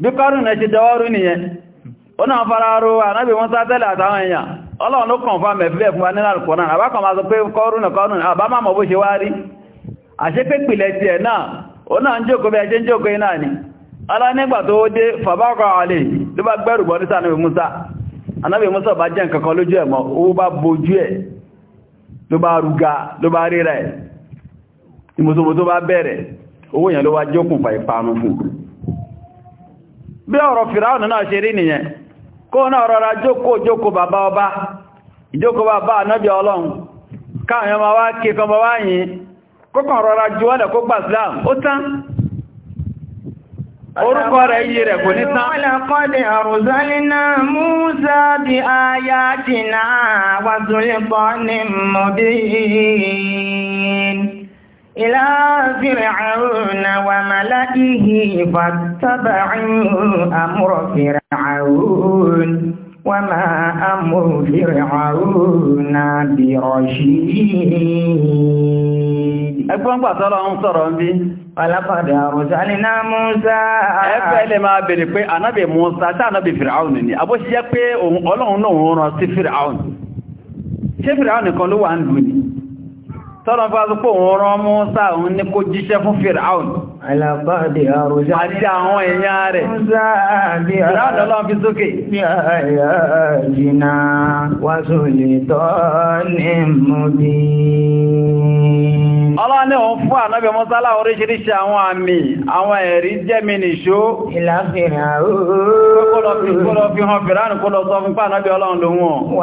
bí kọrùn ẹ̀ ṣe jọwọ́rú nìyẹn ó náà fara rú ànábì wọn sátẹ́lẹ̀ àtàwọn èèyàn ọlọ́run ló kàn fáàmẹ̀ fílẹ̀ fún wa nínú alùkọ̀ọ́nà àbákan máa sọ pé kọrùn kọrùn àbámà mọ̀ bó ṣe wá rí àṣépèpìlẹ̀ tiẹ̀ náà ó náà ń jókòó bí ẹjẹ́ ń Musa Musa bí ọ̀rọ̀ fìráùnù náà ṣe rí nìyẹn kó náà rọra jókòó jókòó bàbá ọba ìjókòó bàbá ànábì ọlọ́run káàyàn ma wá kí kan bá wá yìí kókàn rọra ju wọ́lẹ̀ kó gbà Islam ó tán orúkọ rẹ̀ yìí rẹ̀ kò ní tán إلى فرعون وملئه فاتبعوا أمر فرعون وما أمر فرعون برشيد أكبر بطلع أنصر بي Ọlápàdà Rùsálínà Mùsá. Ẹgbẹ́ ilẹ̀ máa bèèrè pé ànábì Mùsá tí ànábì Fìràún ni, àbó ṣe jẹ́ pé ọlọ́run náà rán sí Fìràún. Ṣé Fìràún nìkan ló wà ń lù ní? tọ́lọ bá tó kó òun rán Mùsá òun ní kó jíṣẹ́ fún Fir'aun alábáàdì àrùjá àti àwọn èèyàn rẹ̀ ọlọ́ni òun fún ànábì Mùsá oríṣiríṣi àwọn àmì àwọn ẹ̀rí jẹ́mi nìṣó ìlàfihàn kọ́lọ̀ fi hàn Fir'aun kọ́lọ̀ sọ fún pànábì ọlọ́run lòun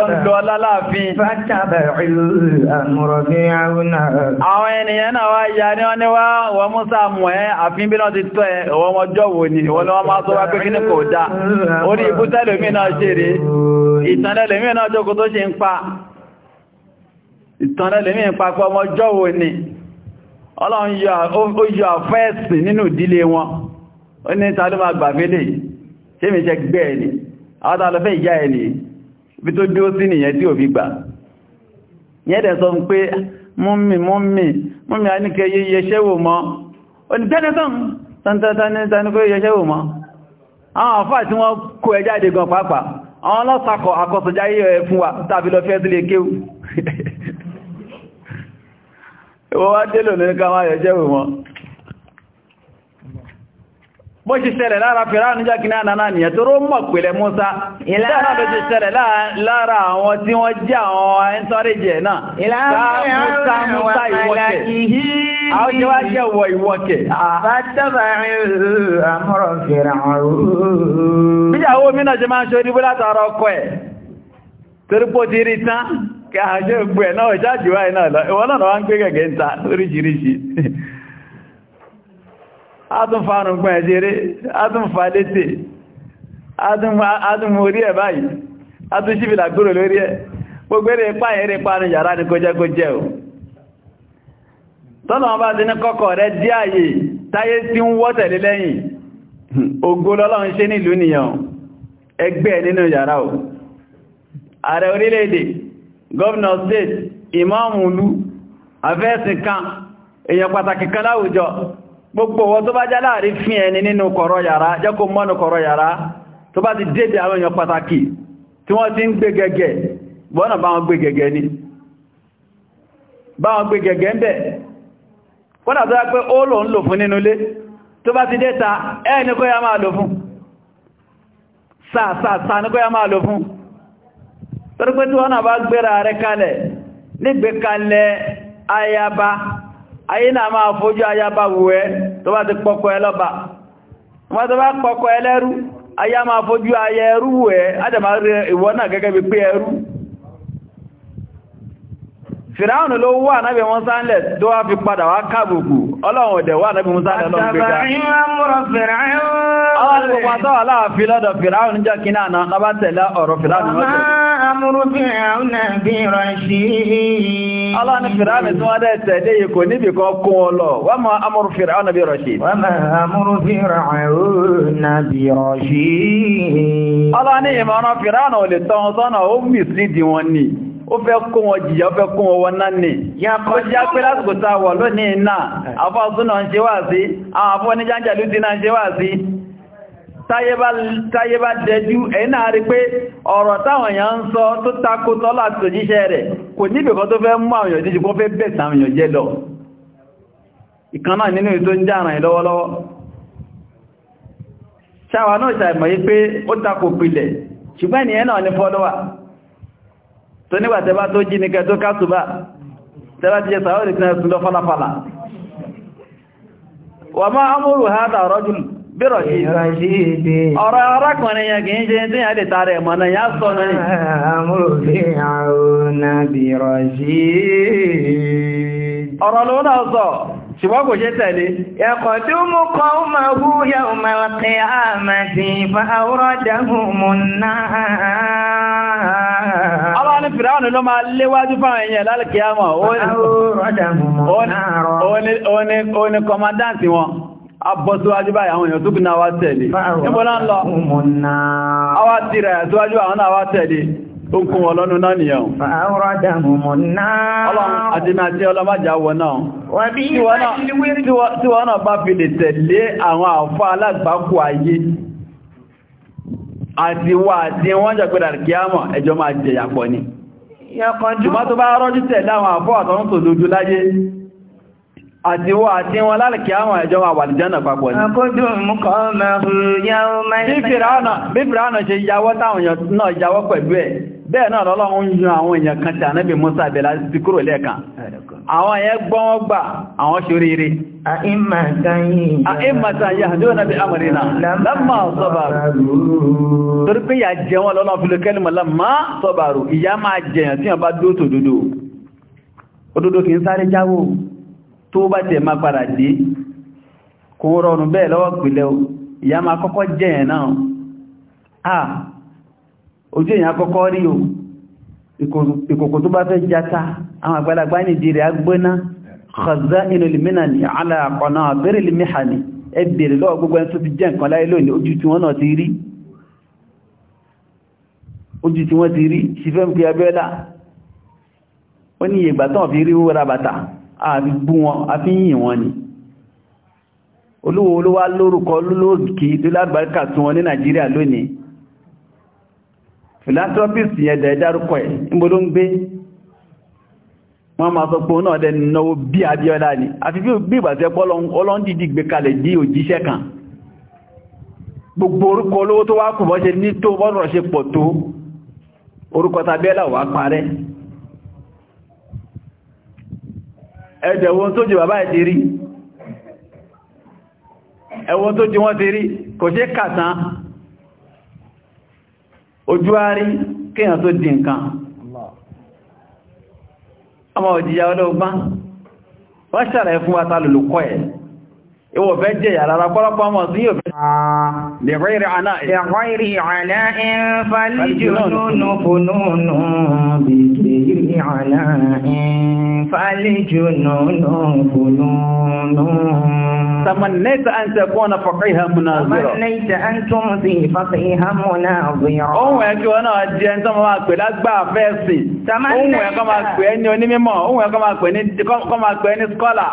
jọ ń lọ lálàáfin. Fátàbà ìlú àmúrọ̀ àwọn ènìyàn náà wá ya ní wọ́n ní wá wọ́n mú sàmù ẹ́ àfin bí náà ti tọ́ ẹ wọ́n mọjọ́ wò ní wọ́n ni wọ́n máa tó wá pé kí ní kò dá. Orí ibú tẹ́lòmí náà ṣe rí, ìtànlẹ́lòmí náà jókòó tó ṣe ń pa. Ìtànlẹ́lòmí ń pa pé ọmọjọ́ wò ní. Ọlọ́run yọ àfẹ́ẹ̀sì nínú ìdílé wọn. Ó ní ta ló máa gbà fẹ́lẹ̀ yìí, ṣé mi ni, àwọn ta lọ fẹ́ ìyá bí tó dúró sí nìyẹn tí ò fi gbà yẹ́dẹ̀ sọ pé múmi múmi múmi àníkẹ yẹṣẹ́wò mọ́ onítẹ́lẹ̀ tán tántátánítánikó yẹṣẹ́wò mọ́ àwọn àfáà tí wọ́n kó ẹjá ìdígan pàápàá àwọn ọlọ́sàkọ̀ àkọsọjá yíyọ fún wa tàbí bó ṣe ṣẹlẹ̀ lára fìránù jákiní ànàná nìyàn tó ró mọ̀ pẹ̀lẹ̀ Musa ìlànà ló ṣe ṣẹlẹ̀ lára àwọn tí wọ́n jẹ́ àwọn ẹntọ́rẹ́jẹ̀ náà Musa Musa ìwọ́kẹ̀ àwọn jẹ́ wá jẹ́ wọ ìwọ́kẹ̀ bíyàwó mi náà ṣe máa ń ṣe oníbó látara ọkọ ẹ̀ torípò ti rí tán kí àjọ ìgbẹ̀ náà ìjájúwá náà lọ ìwọ́n náà wá ń gbé gẹ̀gẹ̀ ń ta oríṣiríṣi adùn farùngbọ̀n ẹ̀ṣẹ̀rẹ́ adùn falẹ́tẹ̀ adùn orí ẹ̀ báyìí adùn síbìlà gbòrò lórí ẹ̀ gbogbo eré ipá ẹ̀rẹ́ panu yàrá ní kójẹ́kójẹ́ o tọ́nà ọba ti ní kọ́kọ́ rẹ̀ dí ààyè táyé tí ń wọ́ tẹ̀lé lẹ́yìn lọ́lọ́run ṣe nílùú ẹgbẹ́ ìlú gbogbo wọn tó bá já láàrin fín ẹni nínú kọ̀rọ̀ yàrá jẹ́ kó kọ̀rọ̀ yàrá tó bá ti dédé àwọn èèyàn pàtàkì tí wọ́n ti ń gbé gẹ́gẹ́ bọ́nà bá wọn gbé gẹ́gẹ́ ní bá wọn gbé gẹ́gẹ́ ń bẹ̀ kọ́nà tó yá pé ó lò ń lò fún nínú tó bá ti kó yá máa lò ayé na máa fojú aya bá wù ẹ́ tó bá ti pọkọ ẹ lọ́ba wọ́n tó bá pọkọ ẹlẹ́rú aya máa fojú aya ẹrú wù ẹ́ adàmà ìwọ náà gẹ́gẹ́ bí pé ẹrú fìráhùn ló wà náàbì wọn sáńlẹ̀ tó wá fi padà wá kábùkù ọlọ́run ọ̀dẹ̀ wà náàbì wọn sáńlẹ̀ lọ́nà gbẹ́gbẹ́ àwọn ìpòpá tọ́wà láàfin lọ́dọ̀ fìráhùn jẹ́ kí náà náà bá tẹ̀lé ọ̀rọ̀ fìráhùn lọ́dọ̀ Ọlọ́ni Fìránì tí wọ́n dẹ̀ tẹ̀lé yìí kò níbi kan kún ọ lọ, wọ́n mọ́ amúrú Fìránì nàbí rọ̀ṣì. Wọ́n mọ́ ìmọ̀ràn Fìránì ò tọ́ ó fẹ́ kó wọn jìyà ó fẹ́ kó wọn wọn náà nì ó jẹ́ pé lásìkò tá wà lónìí náà afọ́súnà eh. ń ṣe wà sí àwọn afọ́nijájàlú ti náà ń ṣe wà sí táyé bá dẹjú ẹ̀nà rí pé ọ̀rọ̀ táwọn èèyàn ń sọ tó takò tọ́lá tó rẹ̀ kò tó fẹ́ mú àwọn èèyàn kó fẹ́ èèyàn jẹ́ lọ nínú ètò ń jàràn ẹ̀ lọ́wọ́lọ́wọ́ náà yí pé ó takò pilẹ̀ ní tó nígbà tẹ́bá tó jí ní kẹtó kásùbá tẹ́bá ti jẹ sàárì tí ẹ̀sùn lọ fọ́láfàlà wà máa amúrù hádà rọ́jùl ọ̀rọ̀ arákùnrin yẹn kìí sọ ọ̀rọ̀ ṣùgbọ́n kò ṣe tẹ̀lé. Ẹ̀kọ̀ tí ó mú kọ́ máa hú yà ó máa kẹ́ àmàdì fa àwọ́rọ̀dàhùn mú náà. Ọlá ní Fìràánù ló máa léwájú fáwọn èèyàn lálẹ́kẹ́ àmọ̀ Abọ́síwájú báyìí àwọn èèyàn tó náà wá tẹ̀lé. náà lọ? Àwọn rẹ̀ síwájú àwọn náà wá tẹ̀lé. tó ń kún ọlọ́nu náà nìyàn. Fàárọ̀dàmùmù náà. Ọlọ́run àti máa tí ọlọ́bàjá wọ náà. Wàbí tí fi lè tẹ̀lé àwọn àfá alágbàkù ayé. Àti wà àti wọ́n jẹ́ pé dàrí kíámọ̀ ẹjọ́ máa jẹ yàpọ̀ ni. Ṣùgbọ́n tó bá rọ́jú tẹ̀lé àwọn àfọ́ àtọ́rún tó lójú láyé. Àti wọ́n àti wọn lálẹ̀kí àwọn ẹjọ́ wà wàlìjánà papọ̀ ní. Àkójò mú kọ́ mẹ́rù yá ó máa ń ṣe yàwọ́ táwọn náà yàwọ́ pẹ̀lú ẹ̀, bẹ́ẹ̀ náà lọ́lọ́run yún àwọn èèyàn kan tí ànábì musa àbẹ̀lá ti kúrò lẹ́ẹ̀kan àwọn èèyàn gbọ́n gbà àwọn ṣoríire àìmàtà yàjọ́ nàbí na lámà sọ́bàrù torí pé yà jẹ wọn lọ́lọ́ fílò kẹ́lùmọ̀ lámà sọ́bàrù ìyá máa jẹyàn tí wọ́n bá dótò dodo òdodo kì í sáré jáwó tó bá tẹ̀ máa padà dé kò rọrùn ojú èyàn kọ́kọ́ rí o ìkòkò tó bá fẹ́ jata àwọn àgbàlagbà ní ìdí rẹ̀ agbóná ṣàzá inú lèmínà ní aláàkọ̀nà àbẹ́rẹ̀ lèmíhà ní ẹbẹ̀rẹ̀ lọ́wọ́ gbogbo ẹni tó ti jẹ́ nǹkan láyé lónìí ojú tí wọ́n náà ti rí ojú tí wọ́n ti rí ṣífẹ́ mú kí abẹ́lá ó ní ìyẹ̀gbà tán fi ni olówó olówá lórúkọ tó lágbàríkà tún wọn ní Nàìjíríà lónìí philanthropist yẹn dẹ̀ dárúkọ ẹ̀ níbodó ń gbé wọ́n máa sọ pé òun náà dẹ̀ náwó bí Abíọ́lá ni àfi bí ìgbàsẹ́ pọ́ ọlọ́ndìdì gbé kalẹ̀ dí òjíṣẹ́ kan gbogbo orúkọ olówó tó wá kù bọ́ ṣe ní tó bọ́nà ṣe pọ̀ tó orúkọ tàbíẹ́lá wà ojú àárí kíyàn tó di nǹkan ọmọ òjìyà ọlọ́gbọ́n wọ́n ṣàrẹ̀ fún wa ta lòlùkọ́ ẹ̀ ìwọ̀fẹ́ jẹ́ yàrá pọ́lọ́pọ́ ọmọ sí yóò لغير عناء لغير عناء فالجنون فنون بغير عناء فالجنون فنون تمنيت أن تكون فقيها مناظرة تمنيت أن تمضي فقيها مناظرة Ohun ẹ̀kí wọn náà jẹ́ ń tọ́mọ máa pè lágbà fẹ́ẹ̀sì. Ohun ẹ̀kọ́ máa pè ní onímọ̀, ohun ẹ̀kọ́ máa pè ní scholar.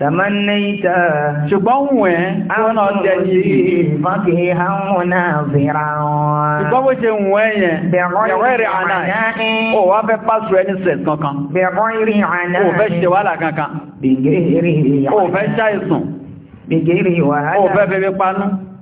Tàmánẹ́ta. Ṣùgbọ́n wùn ẹ́, wọ́n náà jẹ́ ní ìfọ́kì hánwò náà fìra wọn. Ṣùgbọ́n bó ṣe wùn ẹ́ yẹn, bẹ̀rọ ìrìn àná ẹ̀. Ó wá fẹ́ pàṣù ẹni sẹ̀ kankan. Bẹ̀rọ ìrìn àná ẹ̀. fẹ́ ṣe wàhálà kankan. Bẹ̀gẹ̀rẹ̀ fẹ́ ṣàìsùn.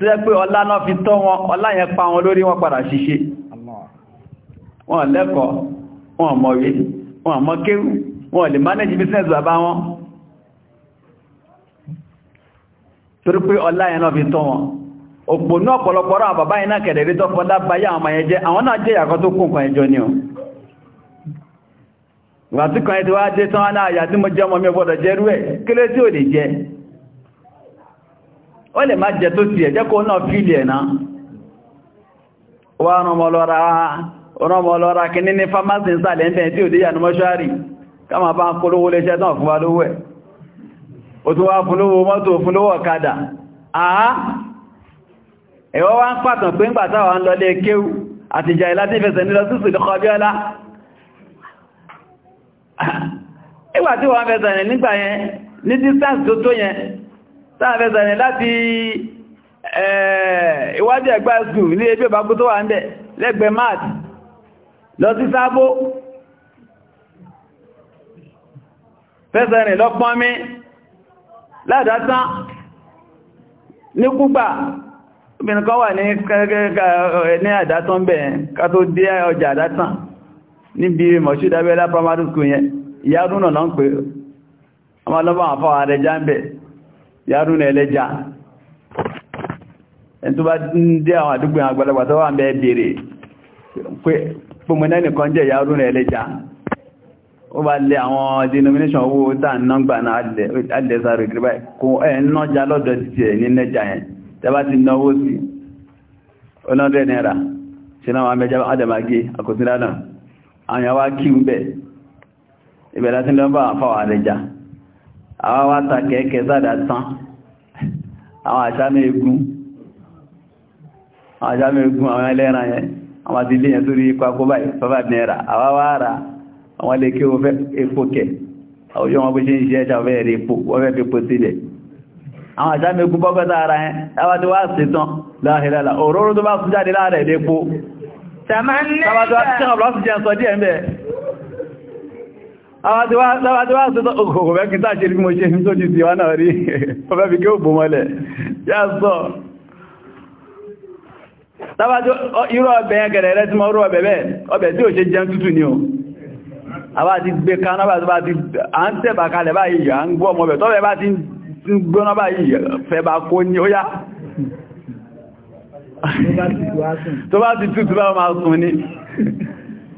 tó yẹ pé ọlá náà fi tọ́ wọn ọlá yẹn pa wọn lórí wọn padà ṣiṣẹ́ wọn lẹ́kọ̀ọ́ wọn mọ̀wé wọn mọ̀ kéwú wọn lè manage business bàbá wọn torí pé ọlá yẹn náà fi tọ́ wọn òpò náà pọ̀lọpọ̀ rán àbàbá yẹn náà kẹ̀dẹ̀ rí ó lè má jẹ tó ti ẹ̀jẹ́ kó náà fílì ẹ̀ná wá rọmọlọ́ra kìíní ní fámásì ìsàlẹ̀ ń tẹ́ tí ò dé yà ní mọ́ṣúárì káàmà bá ń polówó lè ṣẹ́ tán fún alówó ẹ̀ ó tún wá fúnlówó mọ́tò fúnlówó ọ̀kadà àá ẹ̀wọ́ ní distance tó tó yẹn táàfẹ́ sàrìn láti ìwájú eh, ẹ̀gbá skùl ní ebí ọ̀bákú tó wà ń bẹ̀ lẹ́gbẹ̀ẹ́ máàtì lọ sí sábó fẹ́sẹ̀rìn lọ́pọ́n mi ládásán ní kúgbà obìnrin kan wà ní eh, ní àdásán bẹ̀ ká tó dé ọjà àdásán níbi mọ̀ṣúdábẹ́lá primary school yẹn ìyá rúnà lọ́n pé ọmọ lọ́bọ̀ àfọ́ àrẹjá ń yàrù nà ẹlẹ́jà ẹni tó bá dé àwọn àdúgbò àgbàlagbà tó wà ń bẹ́ bèèrè pé pòmọ́nẹ́ nìkan jẹ́ yàrù nà ẹlẹ́jà ó bá lẹ àwọn denomination owó tàà nọ́gbà náà alẹ́sàrò ìgbà ẹ̀ 100 naira ń àwọn wá ta kẹ́ẹ̀kẹ́ sáàdà tán àwọn àṣámẹ́ egun àwọn àṣámẹ́ egun àwọn ẹlẹ́ran yẹn àwọn àti ilé yẹn tó rí kwakó báyìí bàbá nẹ́ra àwọn wá ra àwọn lè kí wọ́n fẹ́ epo kẹ̀ àwùjọ wọn bó ṣe ń ṣe ṣàfẹ́ rí epo wọ́n fẹ́ fi epo sílẹ̀ àwọn àṣámẹ́ egun bọ́kọ́ta ara yẹn láwọn ti wá sí tán láhìlá òróró tó bá fún jáde láàrẹ̀ lépo Tàbátí wá tí ọ̀rọ̀ sí àwọn tí wá sọ́tọ̀ òkòkò bẹ́ kìtà ṣe rí mo ṣe tó jù sí wá náà rí ọfẹ́ fi kí ó bò mọ́lẹ̀ yá sọ irú ọbẹ̀ yẹn gẹ̀rẹ̀ rẹ̀ tí mọ́ rú ọbẹ̀ bẹ́ẹ̀ ọbẹ̀ tí ò ṣe jẹun tútù ni o àbá ti gbé kaná bá ti à ń tẹ̀bà kalẹ̀ báyìí à ń gbọ́ ọmọbẹ̀ tọ́bẹ̀ bá ti ń gbóná báyìí fẹ̀bà kó ní ó yá tó bá ti tútù bá máa sùn ni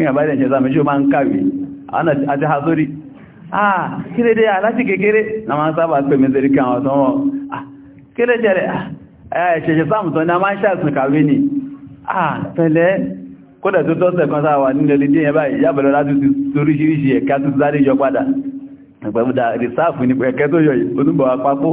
ìyàn bá ìdẹ̀ ìṣẹ́sàmì ṣe máa ń kàwé àti ha sórí àà ah, kírédé aláti ah, kékeré na máa sábà pè mẹ́ sẹ́rí kan ọ̀tọ́ wọn kírédé rẹ̀ ẹ̀ṣẹ̀ṣẹ̀sàmì tọ́ ni a máa ń ah, ṣàtún kàwé ni ah pẹ̀lẹ́ kódà tó tọ́sẹ̀ kan sáwà nílẹ̀ lédé yẹn báyìí yàbẹ̀lọ́ láti oríṣiríṣi ẹ̀ka tó sáré yọ padà pẹ̀lú da rìsáàfù ní pẹ̀kẹ́ tó yọ òtúbọ̀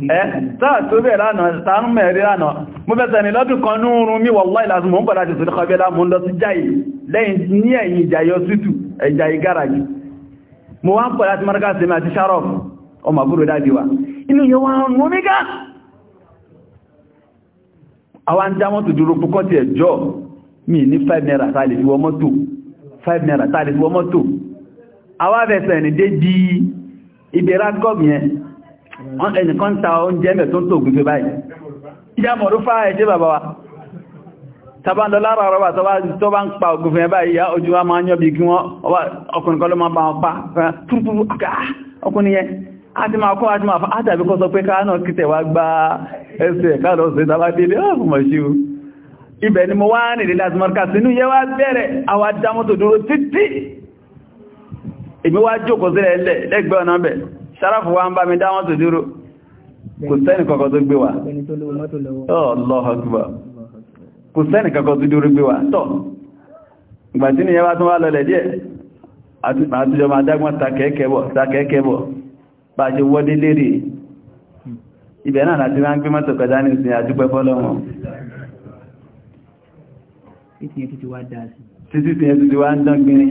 ẹ́ sáà tó bẹ̀ lánàá sáà mẹ́rin lánàá mo fẹ́ sẹ́ni lọ́dún kan ní oorun mi wallahi lásùn mọ́ ń padà jù sórí kọbẹ́lá mo ń lọ sí jáyì lẹ́yìn ní ẹ̀yìn ìjàyọ sútù ẹ̀jà ìgáràjì mo wá ń padà ti maraka sẹ́mi àti sharaf ọmọ àbúrò dájú wa inú yóò wá ń mú àwọn ń dá mọ́tò dúró púpọ̀ tí ẹjọ́ mi ní 5 naira tààlì fi wọ mọ́tò 5 naira tààlì fi wọ mọ́tò àwọn afẹ́sẹ̀ ní dé di ibi yẹn ẹnìkan ta oúnjẹ mẹ́ tó ń tó gúnfẹ́ báyìí ìjá mọ̀rú fá ẹ̀ṣẹ́ bàbá wa tàbá lọ lára rọ́bà tó bá ń pa ògùnfẹ́ báyìí ya ojú wa máa ń yọ́bi kí wọ́n ọkùnrin kọ́ ló máa bá wọn pa ọkùnrin yẹn a ti máa a ti máa fa átàbí kọ́ sọ pé ká náà kìtẹ̀ wá gba ẹsẹ̀ káàlọ́ ọ̀sẹ̀ tàbá délé ọ̀fùmọ̀ṣíu ibẹ̀ ni mo wá nìrí láti mọ́ríkà sínú yẹ wá bẹ̀rẹ̀ àwà dámọ́tò dúró títí èmi wá jókòó sílẹ̀ lẹ́gbẹ̀ẹ́ ọ̀nà bẹ̀rẹ̀ ṣaráfù wa ń bá mi dáwọn tó dúró kò sẹ́nì kankan tó gbé wa Allahu Akbar kò sẹ́nì kankan tó dúró gbé wa tọ́ ìgbàtí ni yẹwà tó wá lọlẹ̀ díẹ̀ àtijọ́ máa dágbọ́n takẹ́ẹ̀kẹ́ bọ̀ bá ṣe wọ́dé lérí ibẹ̀ náà láti máa ń gbé mọ́tò kọjá ní ìsìn àdúgbẹ́ fọ́lọ́wọ́n títí ti wá ń dán gbìnrin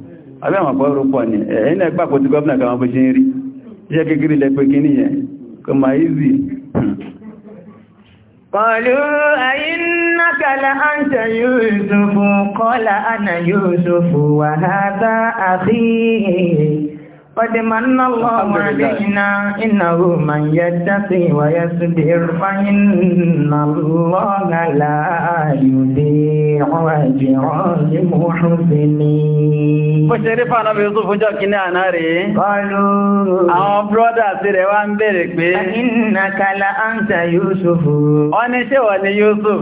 àbí àwọn àpọ̀rọ̀ ní ẹ̀yìn ẹgbà tí gọ́ọ̀nà kan bó ṣe ń rí iṣẹ́ kékeré lẹ́pẹ́ kí ní yẹn kò máa ìzì Qalu a'innaka la anta Yusufu qala ana Yusufu wa hadha akhi قد من الله علينا إنه من يتقي ويصبر فإن الله لا يضيع أجر المحسنين. bó ṣe rí fàánà bí yusuf jọ kí ní àná rè é. kọlu. àwọn bírọ́dà sí rẹ̀ wá ń béèrè pé. innaka la anta yusuf. wọ́n ní ṣé wọ́n ní yusuf.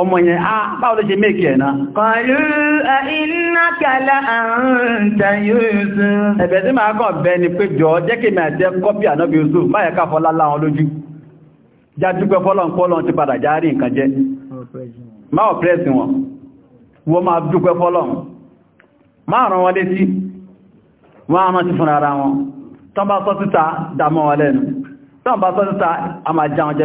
ọmọ yẹn á ah, báwo ló ṣe méèkì ẹ̀ náà. kọlu iná kala àǹtà Yusuf. ẹ̀bẹ̀ tí máa kàn bẹ́ ni pé jọ jẹ́ kí mi àti báyẹ̀ ká fọlá láwọn lójú jájúgbẹ́ fọ́lọ́nkọ́lọ́n ti padà dámọ́ wọn lẹ́nu tán bá sọ síta a máa jẹun jẹ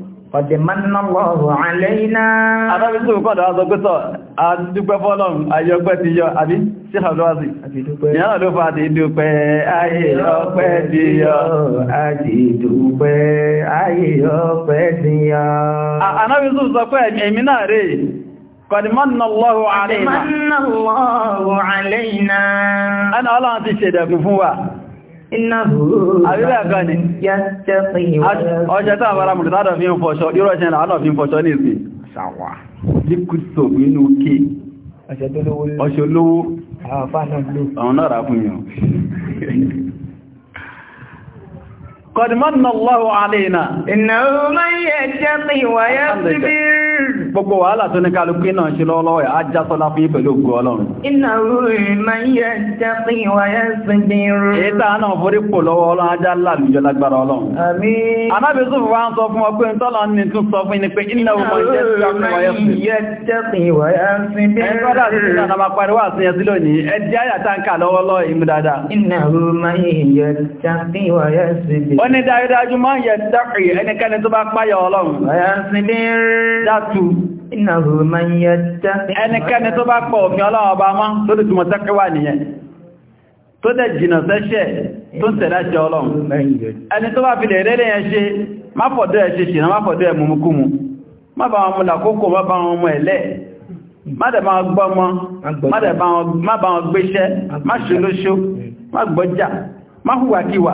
Ọdẹ mannàlọ́wọ̀ àlẹ́yìnà. Arábísù kọ́dọ̀ wá sọ pé sọ, a dúpẹ́ fọ́lọ́run, ayọ́pẹ́ ti yọ, àbí sí àlọ́wàzì. Ìyára ló fa àti ìdúpẹ́, ayé ọpẹ́ ti yọ. Àti ìdúpẹ́, ayé ọpẹ́ ti yọ. Arábísù sọ pé èmi náà rè, قد Àríbẹ̀ẹ̀kọ́ni. Ọjọ́ tó àbára mùsùlùmí àdọ̀ fi ń fọṣọ, irọ́ ṣe àdọ̀ fi ń fọṣọ ní ìsìn. Ṣàwà. Liquid soap nínú òkè. Ọṣẹ olówó. Àwọn náà rà fún yàn. قد من الله علينا إنه من يتقي ويصبر gbogbo wàhálà tó ní kálukú náà ṣe lọ́wọ́lọ́wọ́ ẹ̀ ajásọ́lá fún ìpẹ̀lú ògùn ọlọ́run. innahu man yattaqi wa yasbir. èyí tàà náà forí pò lọ́wọ́ ọlọ́run ajá lálùjọ lágbára ọlọ́run. àmín. anábì sùn wá ń sọ fún ọgbẹ́ tọ́lá ní tún sọ fún ni pé innahu man yattaqi wa yasbir. ẹ̀ kọ́dà sí ìlànà àmà pariwo ó ní dájúdájú máa yẹ dákì ẹnikẹ́ni tó bá páyà ọlọ́run dátù ẹnikẹ́ni tó bá pọ̀ òfin ọlọ́run ọba mọ́ tó dì túnmọ̀ tẹ́kẹwà nìyẹn tó dẹ̀ jìnà sẹ́ṣẹ̀ tó ń tẹ̀lá ṣe ọlọ́run ẹni tó bá fi lè rẹ́lẹ̀ yẹn ṣe má fọ̀dọ́ ẹ̀ ṣe ṣìnà má fọ̀dọ́ ẹ̀ mumukumu má bá wọn mú làkókò má bá wọn mú ẹ̀lẹ́ má dẹ̀ bá wọn gbọ́mọ má bá wọn gbéṣẹ́ má ṣolóṣó má gbọ́jà má hùwàkíwà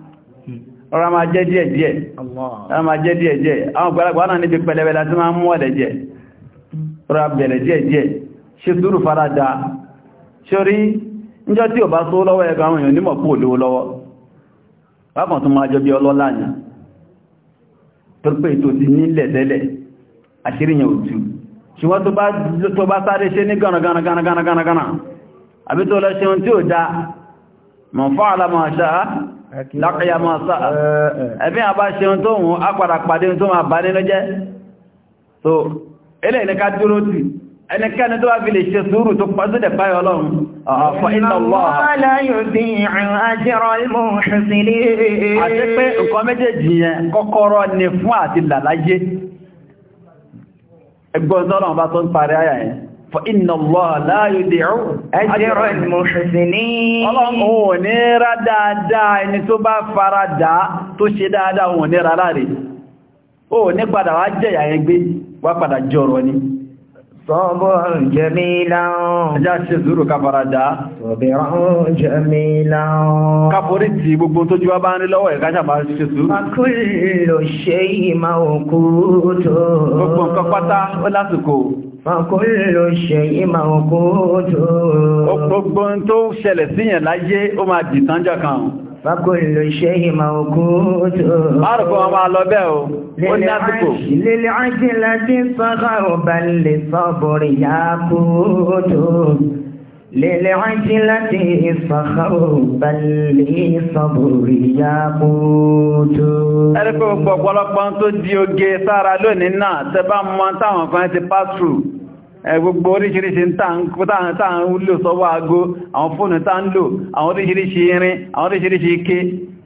ọ̀rọ̀ máa jẹ́ díẹ̀ díẹ̀ ọ̀rọ̀ máa jẹ́ díẹ̀ díẹ̀ àwọn ọ̀gbẹ̀lẹ̀gbà náà níbi pẹlẹbẹ láti máa mú ọ̀dẹ̀ jẹ́ ọ̀rọ̀ bẹ̀rẹ̀ díẹ̀ díẹ̀ ṣe sùúrù farada ṣorí níjọ́ tí ò bá só lọ́wọ́ ẹgbẹ̀ àwọn èèyàn ti ní o mọ̀ fọ́ àlámọ̀ àṣáà lákàyà máa sáà ẹ̀bí àbá ṣeun tó hùn ápàdà pàdé tó máa bá nínú jẹ́ so ilé ìníká dúró tì ẹnikẹ́ni tó wá fi lè ṣe sùúrù tó pàtílẹ̀ báyọ̀ ọlọ́run ọ̀fọ́ iná wọ́ àti pé nǹkan méjèèjì yẹn kọ́kọ́rọ́ ni fún àti làláyé فإن الله لا يدع أجر المحسنين Ọlọ́run ò ní ra dáadáa ẹni tó bá fara dá tó ṣe dáadáa ò ní ra láre. Ó ní padà wá jẹ̀yà ẹgbẹ́ wá padà jọrọ ni. Sabrun jamilan. Ẹjá ṣe zúrù ká fara dá. Sabrun jamilan. Káforí ti gbogbo tó jíwá bá ń rí lọ́wọ́ ẹ̀ káṣà bá ṣe zúrù. Kullu shay'in mawqutun. Gbogbo nǹkan pátá ó lásìkò. Fàkúlò ṣe ìmà òkú tó. Gbogbo tó ṣẹlẹ̀ síyàn láyé ó máa dìtánjọ́ kan. Fàkúlò ṣe ìmà òkú tó. Márùkú wọn máa lọ bẹ́ẹ̀ o, ó ní àsìkò. Lílé ájí láti sọ́gá ọ̀bà lè sọ́bùrì yá kú tó. للعجلة الصخر بل لي صبر يموت ẹ̀rẹ́pẹ́ gbogbo ọ̀pọ̀lọpọ̀ tó di oge sára lónìí náà tẹbá mọ́ táwọn kan ti pass through gbogbo oríṣiríṣi táà ń lò sọ́wọ́ aago àwọn fóònù táà ń lò àwọn oríṣiríṣi irin àwọn oríṣiríṣi ike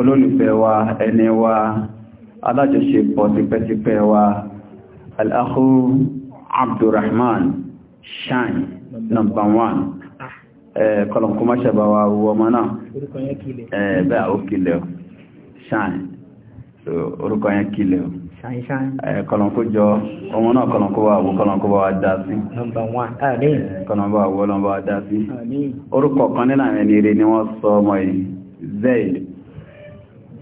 olólùfẹ́ wa ẹni wa alájọṣepọ̀ tipẹ́tipẹ́ wa aláhù Abdurrahman shine number one kọlọ̀kọ́ máṣẹ́bà wa ọmọ náà bẹ́ẹ̀ ó kílẹ̀ shine orúkọ yẹn kílẹ̀ o kọlọ̀kọ́ jọ ọmọ náà kọlọ̀kọ́ wà wọ́ kọlọ̀kọ́ wà dá sí kọlọ̀kọ́ wà wọ́ lọ́wọ́ dá sí orúkọ kan nílànà ẹni rẹ̀ ni wọ́n sọ ọmọ yìí zaid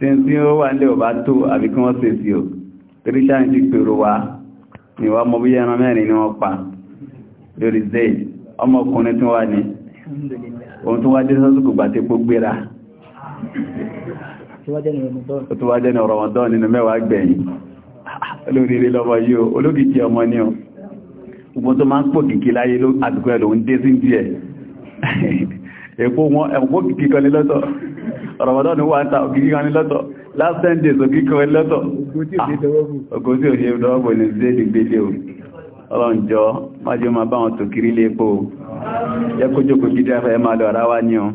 tí ń tí ó wà ní ọba tó àbí kí wọ́n sèsì ò torí ṣáà ń ti pèrò wa ni wọ́n mọ bí ẹran mẹ́rin ni wọ́n pa lórí zay ọmọkùnrin tí wà ní ohun tó wá jẹ́ sọ́sùkù gbà tí kó gbéra tó wá jẹ́ ní Ramadan nínú mẹ́wàá gbẹ̀yìn Ramadan wà ń ta òkìkí kan lọ́tọ̀ last ten days òkìkí kan lọ́tọ̀ ọkọ̀ tí ò ṣe dọ́wọ́bò ní ah, zéèdì gbélé o ọlọ́njọ́ májẹ́ ma bá tó kiri lé pò yẹ kó jókòó gidi afẹ́ máa lọ ara wá ní ọ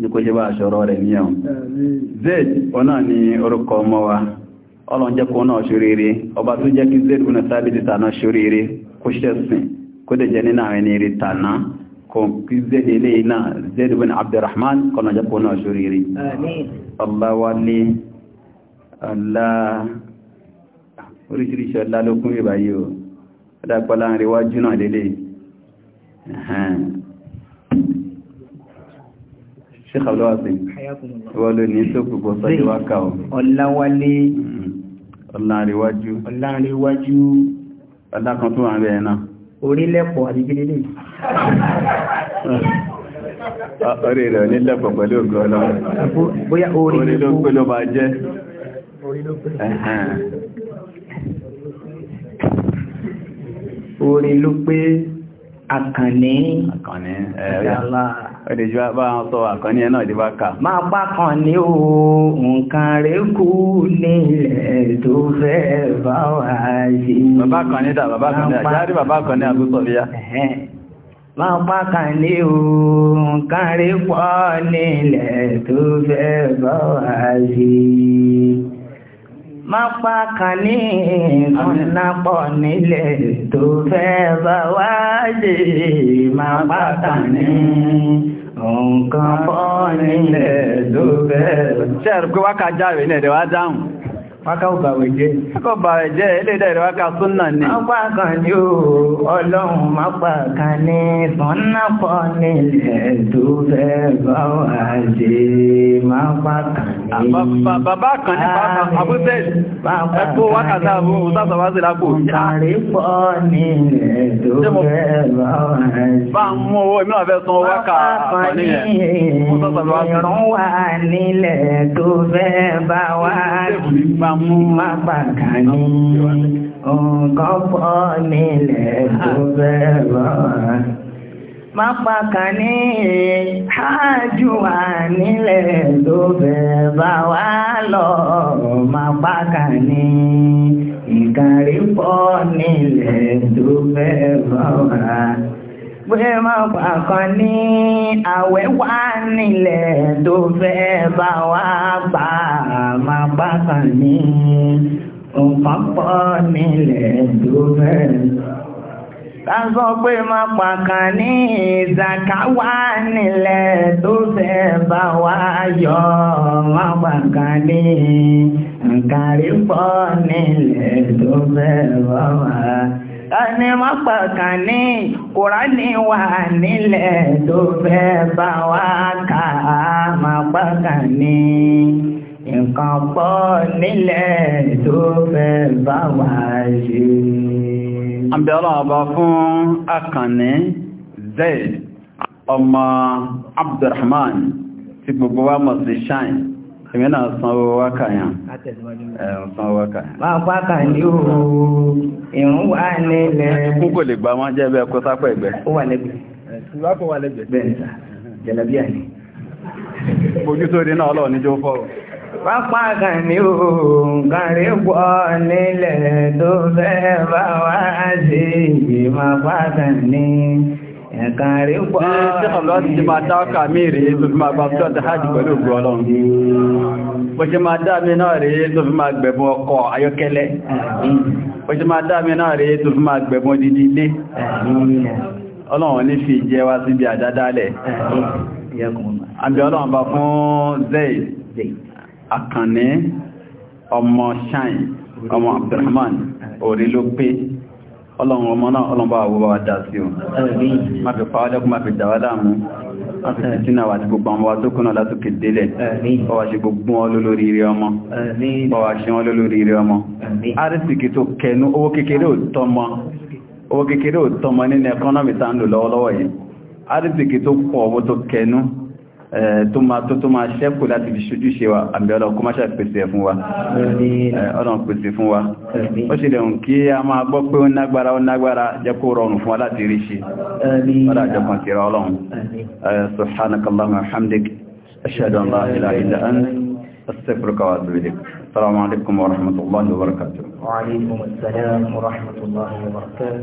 jókòó ṣe bá aṣọ́rọ̀ rẹ̀ ní ọ zéèd ọ̀nà ni orúkọ ọmọ wa ọlọ́njẹ́ kó náà ṣoríire ọba tó jẹ́ kí zéèd kúnà sábìlì tàná ṣoríire kó ṣẹ̀sìn kó dẹ̀ jẹ́ nínú àwọn ẹni rí tàná kí z ilé iná zaid bin abdurrahman kọ́nà jẹ́ kọ́nà ṣoríri ọláwálé ọlá oríṣiríṣi ọlá ló kún ìbá yìí o ọdápọ̀ láàrin wájú náà lélẹ̀ ṣe kàlọ́wàsí wọ́n ló ní tó gbogbo sọ́jọ́ wákà o ọláwálé ọláàrin wájú ọlá kan tó wà ń rẹ̀ orílẹ̀pọ̀ àdígírí ní ah, orí rẹ̀ onílẹ̀pọ̀ pẹ̀lú ògùn ọlọ́run bóyá orí ló pé ló máa jẹ́ orí ló pé akànnì akànnì ẹ̀yà òdèjú bá wọn sọ àkàn ní ẹ̀nà ìdíbá ká. máa bá kan ní o nǹkan rẹ̀ kú nílẹ̀ tó fẹ́ bá wà sí. bàbá kan ní dà bàbá kan ní àjárí bàbá kan ní àgúsọ̀ bíyá. máa bá kan ní o nǹkan rẹ̀ pọ̀ nílẹ̀ tó fẹ́ bá wà sí. Má pa kan ní ìkànnà pọ̀ nílẹ̀ tó fẹ́ bá wá jẹ́, má pa kan ní nǹkan fọ́ nílẹ̀ ló bẹ́ẹ̀. ṣẹ́rù pé wákàjá rẹ̀ ní ẹ̀dẹ̀ wá dáhùn Wákà ọba wẹ̀jẹ́. Wákà ọba wẹ̀jẹ́ elédè rẹ̀ wákà súnnà ni. Ọgbà kan ní o, ọlọ́run mápà kan ní sọ́nà pọ̀ nílẹ̀ tó fẹ́ bá wà jẹ mápà kan ní. Ah, bàbá kan ní bàbá àbúsẹ̀ bá wà jẹ. Bá mú má bàkà ní nǹkan pọ̀ nílẹ̀ tó bẹ́ẹ̀ lọ. Má bàkà ní ájú wa nílẹ̀ tó bẹ́ẹ̀ bá wá lọ. Má bàkà ní ìkàrí pọ̀ nílẹ̀ tó bẹ́ẹ̀ lọ pé mọ́pàá kan ní àwẹ̀ wá nílẹ̀ tó fẹ́ bá wá bá mọ́pàá kan ní òpápọ̀ nílẹ̀ tó fẹ́ bá Tásọ pé máa pàkà ní ìzàkáwà nílẹ̀ tó fẹ́ bá wá yọ máa pàkà ní nkàrí pọ̀ nílẹ̀ tó fẹ́ bá wá ẹni má pàkà ní Kùránì wà nílẹ̀ tó fẹ́ bá wá kà á máa pàkà ní nǹkan pọ̀ nílẹ̀ tó fẹ́ bá wá ṣe àbẹ̀rọ ọba fún akànnì zaid ọmọ abdulrahman tí gbogbo wa mọ̀ sí shine èmi náà san owó wákàyà ẹ̀rùn san owó wákàyà máa pàkà ní ooo ìrún wà nílẹ̀ ẹkún kò lè gbà wọ́n jẹ́ bẹ́ẹ̀ kó sápọ̀ ni ojú pápá kan ní òǹkan rí nílẹ̀ tó fẹ́ bá wá sí ìmọ̀ pátá ní ẹ̀kan rí nílẹ̀. ṣé ọ̀lọ́ ti ṣe máa dáwọ́kà mí rèé máa dá mi náà tó fi máa gbẹ̀bùn ọkọ̀ ayọ́kẹ́lẹ́ máa dá mi náà tó fi máa gbẹ̀bùn dídí ọlọ́run ní fi Àkànní ọmọ ṣáìn ọmọ Abdulrahman orí ló pé ọlọ́run ọmọ náà ọlọ́run bá wọ́wọ́ dá sí o má fi pa ọlọ́kùn má fi dà wádà mú má fi tìtínà wà tí gbogbo àwọn tó kúnnà látòkè délẹ̀ ọwà ṣe gbogbo wọn lólórí rí ọmọ ọwà ṣe wọn ọmọ arísìkì tó kẹnu owó kékeré ò nínú ẹkọ́nọ́mì Eh, tó máa tó tó máa ṣẹ́kù láti fi ṣojú ṣe wa àmì ọlọ́run kó máa ṣàpèsè fún wa eh, ọlọ́run pèsè fún wa ó ṣe lè hùn kí a máa gbọ́ pé ó nágbára ó nágbára jẹ́ kó rọrùn fún wa láti rí ṣe ọlọ́run àjọkàn tìrọ ọlọ́run eh, subhanakallahumma wa